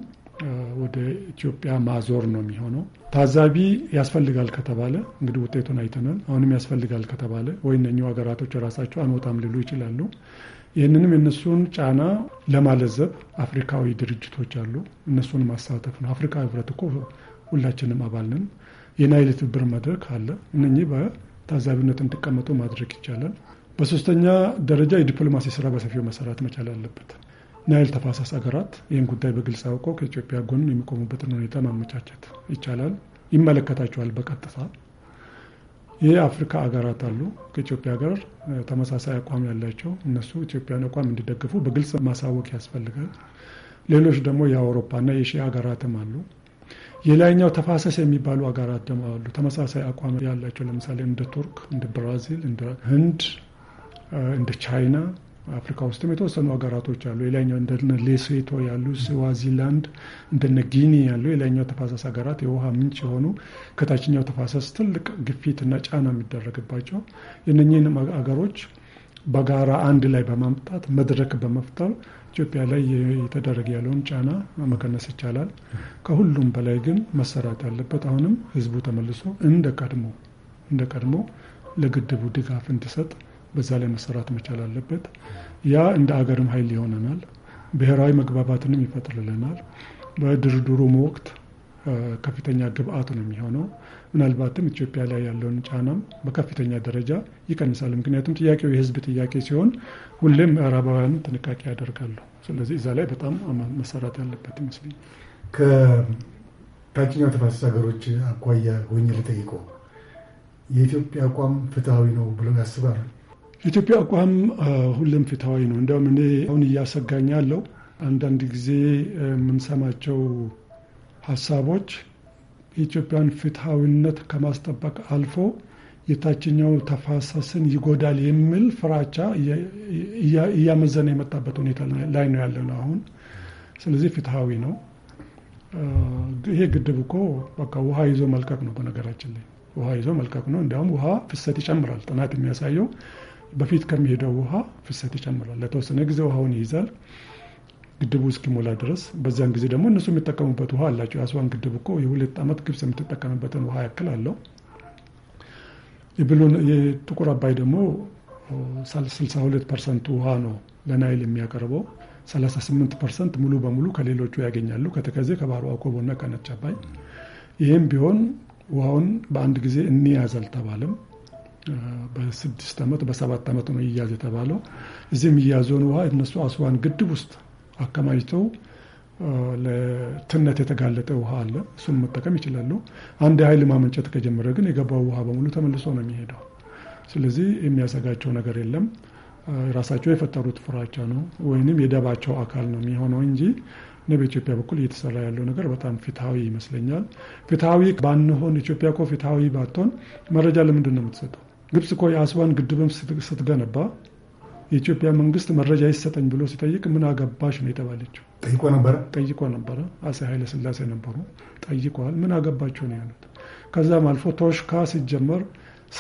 ወደ ኢትዮጵያ ማዞር ነው የሚሆነው። ታዛቢ ያስፈልጋል ከተባለ እንግዲህ ውጤቱን አይተናል። አሁንም ያስፈልጋል ከተባለ ወይ እነኚሁ ሀገራቶች ራሳቸው አንወጣም ሊሉ ይችላሉ። ይህንንም የእነሱን ጫና ለማለዘብ አፍሪካዊ ድርጅቶች አሉ። እነሱን ማሳተፍ ነው። አፍሪካ ህብረት እኮ ሁላችንም አባል ነን። የናይል ትብብር መድረክ አለ። እነኚህ በታዛቢነት እንዲቀመጡ ማድረግ ይቻላል። በሶስተኛ ደረጃ የዲፕሎማሲ ስራ በሰፊው መሰራት መቻል አለበት። ናይል ተፋሰስ ሀገራት ይህን ጉዳይ በግልጽ አውቀው ከኢትዮጵያ ጎን የሚቆሙበትን ሁኔታ ማመቻቸት ይቻላል። ይመለከታቸዋል በቀጥታ የአፍሪካ ሀገራት አሉ ከኢትዮጵያ ጋር ተመሳሳይ አቋም ያላቸው እነሱ ኢትዮጵያን አቋም እንዲደግፉ በግልጽ ማሳወቅ ያስፈልጋል። ሌሎች ደግሞ የአውሮፓና የሺ ሀገራትም አሉ። የላይኛው ተፋሰስ የሚባሉ ሀገራት ደግሞ አሉ ተመሳሳይ አቋም ያላቸው ለምሳሌ እንደ ቱርክ፣ እንደ ብራዚል፣ እንደ ህንድ፣ እንደ ቻይና አፍሪካ ውስጥም የተወሰኑ ሀገራቶች አሉ። ሌላኛው እንደነ ሌሴቶ ያሉ ስዋዚላንድ፣ እንደነ ጊኒ ያሉ የላይኛው ተፋሰስ ሀገራት የውሃ ምንጭ የሆኑ ከታችኛው ተፋሰስ ትልቅ ግፊትና ጫና የሚደረግባቸው የነኚህን ሀገሮች በጋራ አንድ ላይ በማምጣት መድረክ በመፍጠር ኢትዮጵያ ላይ የተደረገ ያለውን ጫና መቀነስ ይቻላል። ከሁሉም በላይ ግን መሰራት ያለበት አሁንም ህዝቡ ተመልሶ እንደ ቀድሞ እንደ ቀድሞ ለግድቡ ድጋፍ እንዲሰጥ በዛ ላይ መሰራት መቻል አለበት። ያ እንደ አገርም ኃይል ይሆነናል። ብሔራዊ መግባባትንም ይፈጥርልናል። በድርድሩም ወቅት ከፍተኛ ግብአት ነው የሚሆነው። ምናልባትም ኢትዮጵያ ላይ ያለውን ጫናም በከፍተኛ ደረጃ ይቀንሳል። ምክንያቱም ጥያቄው የህዝብ ጥያቄ ሲሆን ሁሌም ምዕራባውያን ጥንቃቄ ያደርጋሉ። ስለዚህ እዛ ላይ በጣም መሰራት ያለበት ይመስለኛል። ከታችኛው ተፋሰስ ሀገሮች አኳያ ሆኜ ልጠይቀው፣ የኢትዮጵያ አቋም ፍትሐዊ ነው ብለው ያስባሉ? የኢትዮጵያ አቋም ሁሌም ፍትሐዊ ነው። እንዲያውም እኔ አሁን እያሰጋኝ ያለው አንዳንድ ጊዜ የምንሰማቸው ሀሳቦች የኢትዮጵያን ፍትሐዊነት ከማስጠበቅ አልፎ የታችኛው ተፋሰስን ይጎዳል የሚል ፍራቻ እያመዘነ የመጣበት ሁኔታ ላይ ነው ነው አሁን። ስለዚህ ፍትሐዊ ነው። ይሄ ግድብ እኮ በቃ ውሃ ይዞ መልቀቅ ነው። በነገራችን ላይ ውሃ ይዞ መልቀቅ ነው። እንዲያውም ውሃ ፍሰት ይጨምራል። ጥናት የሚያሳየው በፊት ከሚሄደው ውሃ ፍሰት ይጨምራል። ለተወሰነ ጊዜ ውሃውን ይይዛል ግድቡ እስኪሞላ ድረስ። በዚያን ጊዜ ደግሞ እነሱ የሚጠቀሙበት ውሃ አላቸው። የአስዋን ግድብ እኮ የሁለት ዓመት ግብጽ የምትጠቀምበትን ውሃ ያክል አለው። የጥቁር አባይ ደግሞ 62 ፐርሰንት ውሃ ነው ለናይል የሚያቀርበው። 38 ፐርሰንት ሙሉ በሙሉ ከሌሎቹ ያገኛሉ፣ ከተከዜ፣ ከባሮ አኮቦና ከነጭ አባይ። ይህም ቢሆን ውሃውን በአንድ ጊዜ እንያዝ አልተባለም። በስድስት ዓመት በሰባት ዓመት ነው ይያዝ የተባለው። እዚህ የሚያዘውን ውሃ እነሱ አስዋን ግድብ ውስጥ አከማችተው ለትነት የተጋለጠ ውሃ አለ። እሱን መጠቀም ይችላሉ። አንድ የኃይል ማመንጨት ከጀመረ ግን የገባው ውሃ በሙሉ ተመልሶ ነው የሚሄደው። ስለዚህ የሚያሰጋቸው ነገር የለም። ራሳቸው የፈጠሩት ፍራቻ ነው ወይንም የደባቸው አካል ነው የሚሆነው እንጂ እኔ በኢትዮጵያ በኩል እየተሰራ ያለው ነገር በጣም ፍትሐዊ ይመስለኛል። ፍትሐዊ ባንሆን ኢትዮጵያ እኮ ፍትሐዊ ባትሆን መረጃ ለምንድን ነው የምትሰጠው? ግብጽ እኮ የአስዋን ግድብም ስትገነባ የኢትዮጵያ መንግስት መረጃ ይሰጠኝ ብሎ ሲጠይቅ ምን አገባሽ ነው የተባለችው። ጠይቆ ነበረ ጠይቆ ነበረ። አፄ ኃይለ ስላሴ ነበሩ። ጠይቀዋል። ምን አገባቸው ነው ያሉት። ከዛም አልፎ ቶሽካ ሲጀመር፣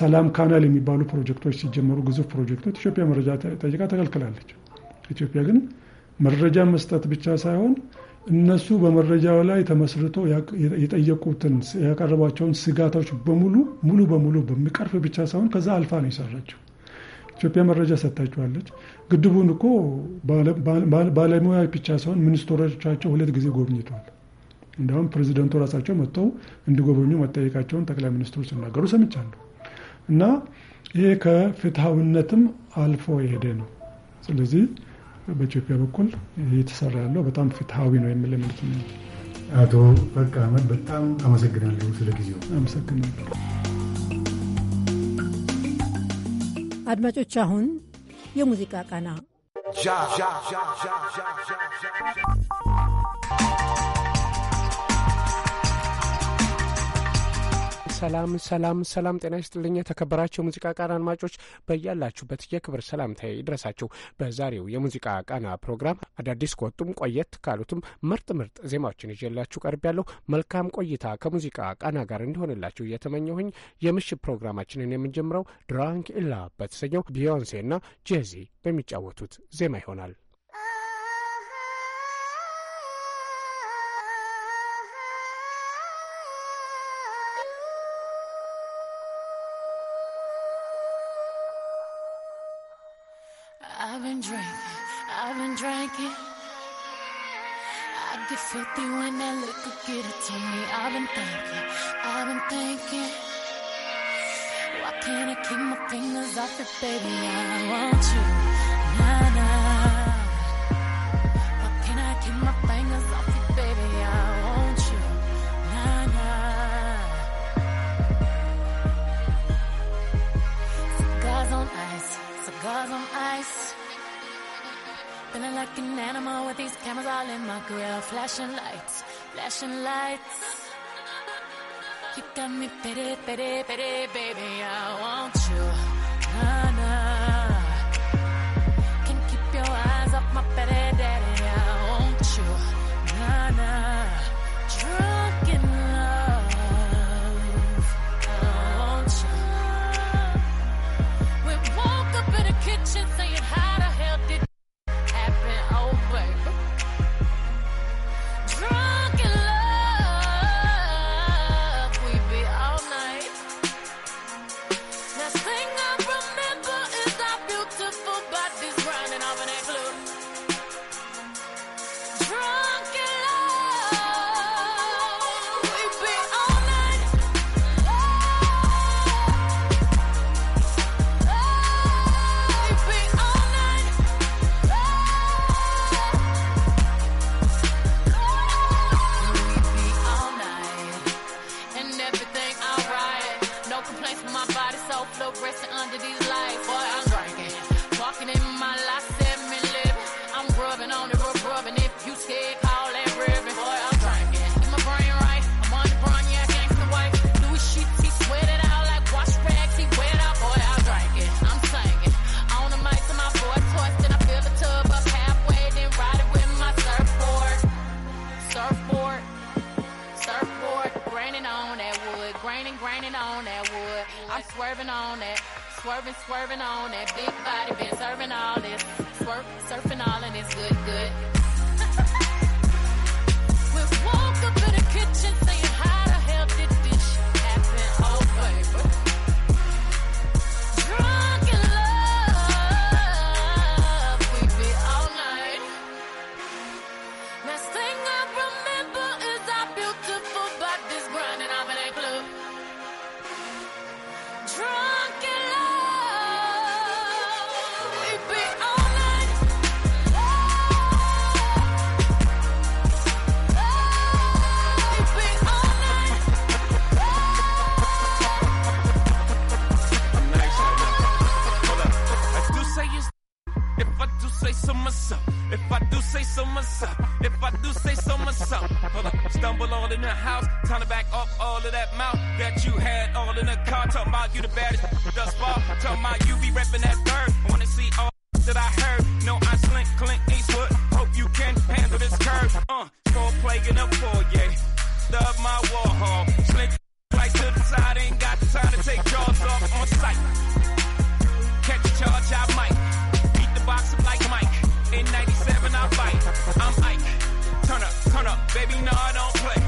ሰላም ካናል የሚባሉ ፕሮጀክቶች ሲጀመሩ፣ ግዙፍ ፕሮጀክቶች ኢትዮጵያ መረጃ ጠይቃ ተከልክላለች። ኢትዮጵያ ግን መረጃ መስጠት ብቻ ሳይሆን እነሱ በመረጃው ላይ ተመስርቶ የጠየቁትን ያቀረቧቸውን ስጋቶች በሙሉ ሙሉ በሙሉ በሚቀርፍ ብቻ ሳይሆን ከዛ አልፋ ነው የሰራችው። ኢትዮጵያ መረጃ ሰጥታችኋለች። ግድቡን እኮ ባለሙያ ብቻ ሳይሆን ሚኒስትሮቻቸው ሁለት ጊዜ ጎብኝቷል። እንዲሁም ፕሬዚደንቱ ራሳቸው መጥተው እንዲጎበኙ መጠየቃቸውን ጠቅላይ ሚኒስትሩ ሲናገሩ ሰምቻለሁ። እና ይሄ ከፍትሐዊነትም አልፎ የሄደ ነው። ስለዚህ በኢትዮጵያ በኩል እየተሰራ ያለው በጣም ፍትሐዊ ነው የሚል እምነት ነው። አቶ በቃ አህመድ በጣም አመሰግናለሁ ስለ ጊዜው አመሰግናለሁ። አድማጮች አሁን የሙዚቃ ቃና ሰላም ሰላም ሰላም፣ ጤና ይስጥልኝ የተከበራቸው የሙዚቃ ቃና አድማጮች በያላችሁበት የክብር ሰላምታ ይድረሳችሁ። በዛሬው የሙዚቃ ቃና ፕሮግራም አዳዲስ ከወጡም ቆየት ካሉትም ምርጥ ምርጥ ዜማዎችን ይዤላችሁ ቀርቤያለሁ። መልካም ቆይታ ከሙዚቃ ቃና ጋር እንዲሆንላችሁ እየተመኘሁኝ የምሽት ፕሮግራማችንን የምንጀምረው ድራንክ ኢላ በተሰኘው ቢዮንሴና ጄዚ በሚጫወቱት ዜማ ይሆናል። filthy when that liquor get it to me. I've been thinking, I've been thinking. Why can't I keep my fingers off it, baby? I want you, nah nah. Why can't I keep my fingers off baby? I want you, nah nah. on ice, on ice. Feeling like an animal with these cameras all in my grill. Flashing lights, flashing lights. You got me pity, pity, pity, baby. I want you. myself. If I do say so myself, if I do say so myself, hold up, stumble all in the house, turn it back off all of that mouth that you had all in the car. Talking about you the baddest thus far, talking about you be repping that bird. I wanna see all that I heard. No, I slink, Clint Eastwood. Hope you can handle this curve. Uh, go play in the foyer. stub my war hall. Slink right to the side. Ain't got the time to take jaws off on sight. Catch a charge, I might. Turn up, baby, no, I don't play.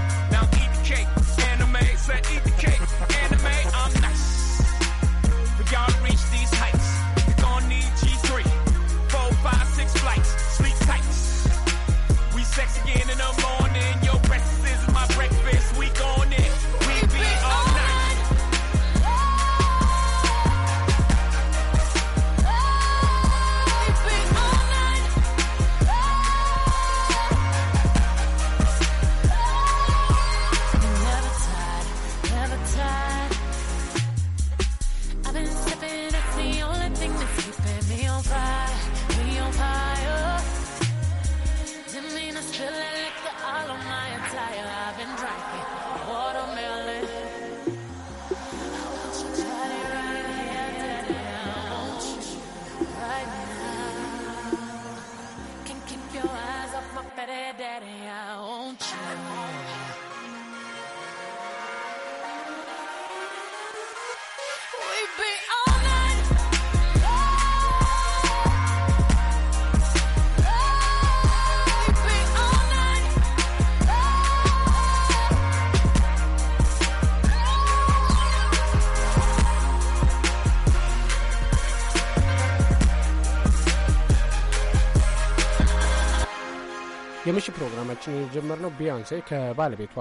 ሙዚቃዎችን የጀመርነው ቢያንሴ ከባለቤቷ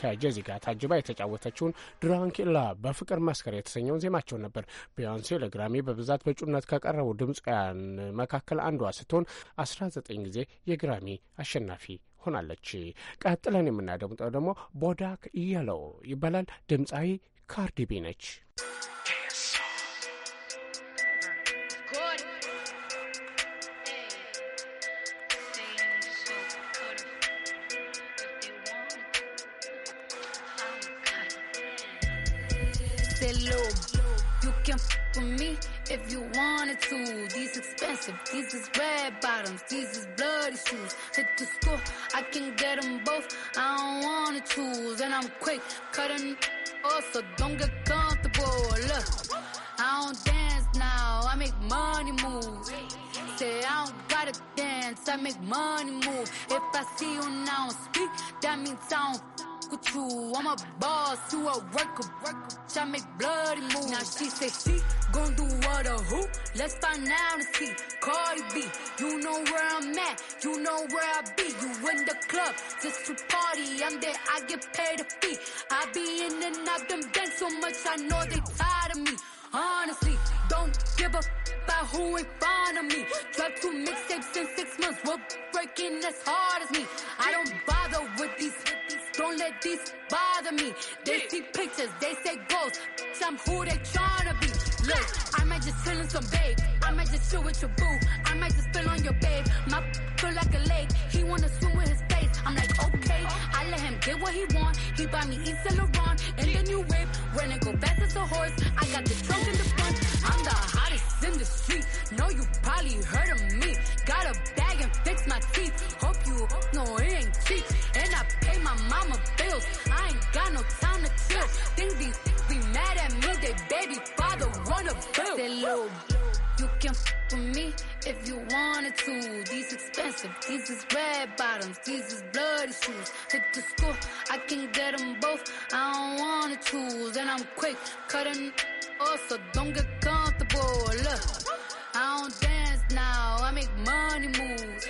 ከጄዚ ጋር ታጅባ የተጫወተችውን ድራንኪላ በፍቅር መስከር የተሰኘውን ዜማቸውን ነበር። ቢያንሴ ለግራሚ በብዛት በእጩነት ከቀረቡ ድምፃውያን መካከል አንዷ ስትሆን 19 ጊዜ የግራሚ አሸናፊ ሆናለች። ቀጥለን የምናደምጠው ደግሞ ቦዳክ የለው ይባላል። ድምፃዊ ካርዲቢ ነች። can f with me if you wanted to. These expensive, these is red bottoms, these is bloody shoes. Hit the school, I can get them both. I don't wanna choose, and I'm quick cutting off, so don't get comfortable. Look, I don't dance now, I make money move. Say I don't gotta dance, I make money move. If I see you now speak, that means I don't with you. I'm a boss, you a worker. I make bloody moves. Now she say she gon' do what a who? Let's find out and see. Cardi B, you know where I'm at, you know where I be. You in the club just to party. I'm there, I get paid a fee. I be in and out them dance so much, I know they tired of me. Honestly, don't give a f about who in front of me. Drop two mixtapes in six months, we're breaking as hard as me. I don't bother with these hippies don't let these bother me. They see pictures, they say ghosts. Some who they tryna be. Look, I might just chill in some babe. I might just chill with your boo. I might just spill on your babe. My feel like a lake. He wanna swim with his face. I'm like, okay. I let him get what he want. He buy me East Saint Laurent and the new whip. Run and go fast as a horse. I got the trunk in the front. I'm the hottest in the street. Know you probably heard of me. Got a bag and fix my teeth. Hope you know it ain't cheap. And I pay my mama bills. I ain't got no time to chill. Think these be mad at me. They baby father wanna build. That little you can f with me if you wanted to. These expensive, these is red bottoms, these is bloody shoes. Hit the school, I can get them both. I don't wanna choose, and I'm quick cutting off, so don't get comfortable. Look, I don't dance now, I make money moves.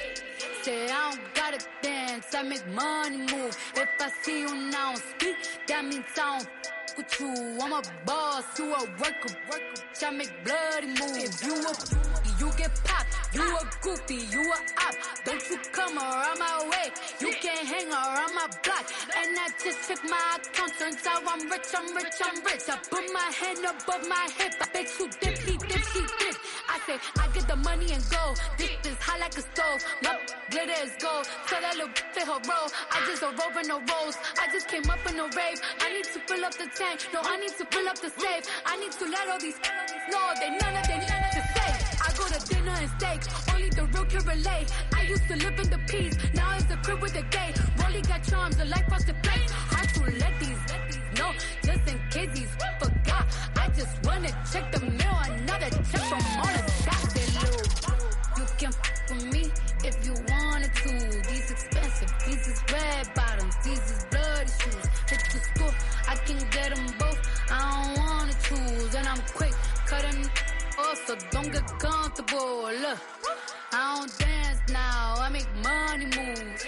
Say I don't gotta dance, I make money move. If I see you now speak, that means I don't fuck with you. I'm a boss, you a worker. worker. I make bloody moves. If you a you get popped. You a goofy, you a op. Don't you come around my way. You can't hang around my block. And I just took my account. Turns out I'm rich, I'm rich, I'm rich. I put my hand above my hip. I bet you dip, he dip, she dip. I say, I get the money and go. This is hot like a stove. My glitter is gold. So that little fit her roll. I just a rope no rolls. I just came up in a rave. I need to fill up the tank. No, I need to fill up the safe. I need to let all these know they none of them dinner and steaks, Only the real can relate. I used to live in the peace, now it's a crib with a gay. Rolly got charms, a life was the place. Hard to let these, let these know, just in case these forgot. I just wanna check the mail, another check from all the shots they You can f with me if you want. so don't get comfortable. Look, I don't dance now, I make money move.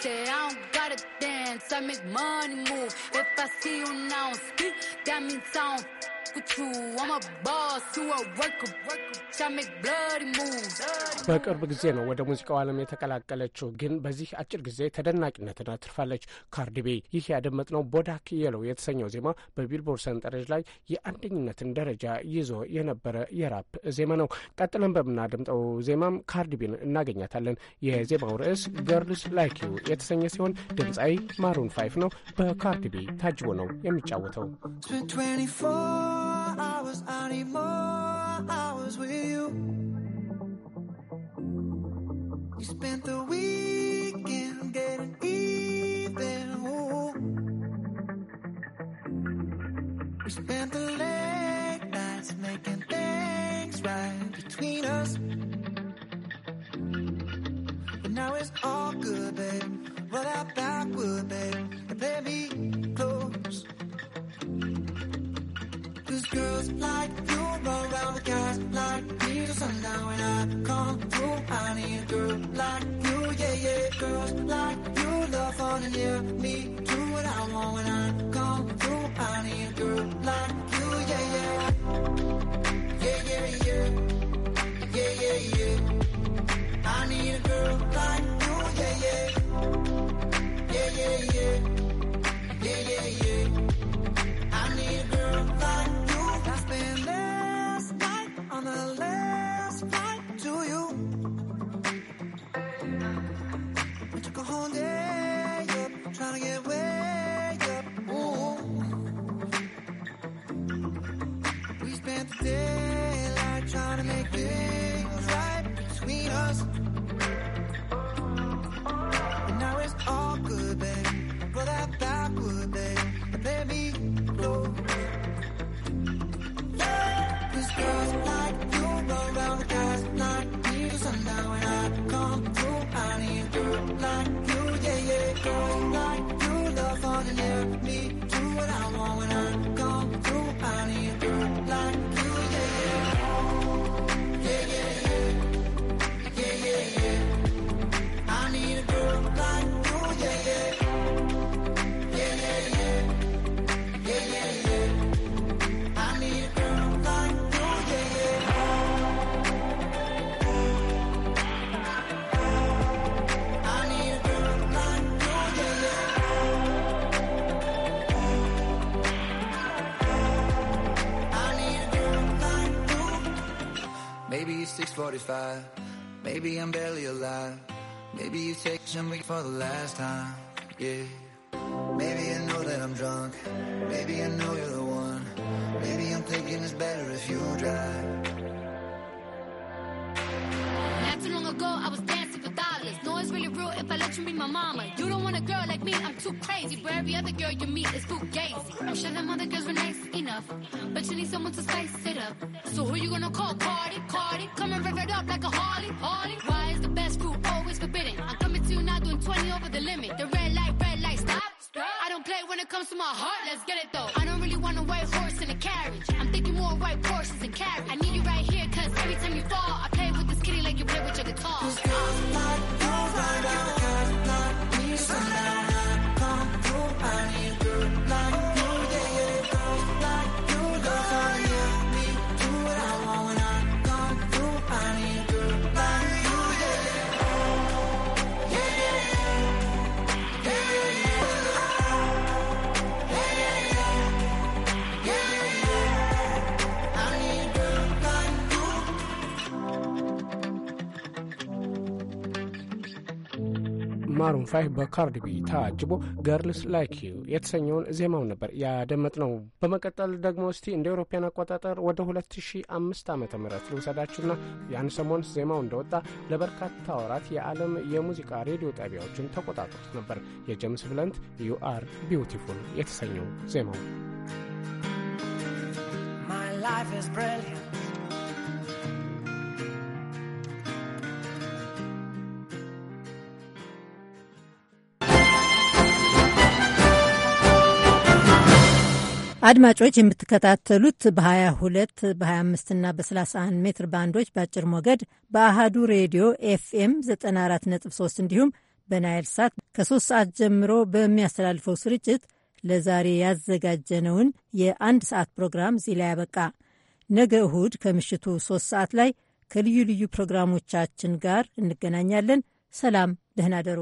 Say I don't gotta dance, I make money move. If I see you now speak, that means I don't በቅርብ ጊዜ ነው ወደ ሙዚቃው ዓለም የተቀላቀለችው፣ ግን በዚህ አጭር ጊዜ ተደናቂነትን አትርፋለች። ካርዲቤ ይህ ያደመጥነው ቦዳክ የለው የተሰኘው ዜማ በቢልቦርድ ሰንጠረዥ ላይ የአንደኝነትን ደረጃ ይዞ የነበረ የራፕ ዜማ ነው። ቀጥለን በምናደምጠው ዜማም ካርዲቤን እናገኛታለን። የዜማው ርዕስ ገርልስ ላይክ ዩ የተሰኘ ሲሆን ድምፃዊ ማሩን ፋይፍ ነው። በካርዲቤ ታጅቦ ነው የሚጫወተው። hours, I need more hours with you. You spent the weekend getting even. Ooh. We spent the late nights making things right between us. But now it's all good, babe. Roll out backwood babe, and play me close just like you roll around the guys like me till sundown when I come through. I need a girl like you, yeah, yeah. Girls like you love on and near me. Do what I want when I come through. I need a girl like you, yeah, yeah. Yeah, yeah, yeah. Yeah, yeah, yeah. I need a girl like you, yeah, yeah. Yeah, yeah, yeah. 6.45 Maybe I'm barely alive Maybe you take me for the last time Yeah Maybe I know that I'm drunk Maybe I know you're the one Maybe I'm thinking it's better if you drive Not too long ago I was dancing for dollars No, it's really real if I let you be my mama You don't want a girl like me, I'm too crazy For every other girl you meet is too gazy I'm sure them other over the limit. The red light, red light, stop. I don't play when it comes to my heart. Let's get it though. I don't really want a white horse in a carriage. ማሩን ፋይ በካርድ ቢ ታጅቦ ገርልስ ላይክ ዩ የተሰኘውን ዜማው ነበር ያደመጥ ነው። በመቀጠል ደግሞ እስቲ እንደ ኤውሮፓያን አቆጣጠር ወደ 2005 ዓ ም ልውሰዳችሁና ያን ሰሞን ዜማው እንደወጣ ለበርካታ ወራት የዓለም የሙዚቃ ሬዲዮ ጣቢያዎችን ተቆጣጥሮት ነበር የጄምስ ብለንት ዩ አር ቢውቲፉል የተሰኘው ዜማው My life is brilliant. አድማጮች የምትከታተሉት በ22 በ25ና በ31 ሜትር ባንዶች በአጭር ሞገድ በአሃዱ ሬዲዮ ኤፍኤም 94.3 እንዲሁም በናይል ሳት ከሶስት ሰዓት ጀምሮ በሚያስተላልፈው ስርጭት ለዛሬ ያዘጋጀነውን የአንድ ሰዓት ፕሮግራም እዚህ ላይ ያበቃ። ነገ እሁድ ከምሽቱ ሶስት ሰዓት ላይ ከልዩ ልዩ ፕሮግራሞቻችን ጋር እንገናኛለን። ሰላም፣ ደህና ደሩ።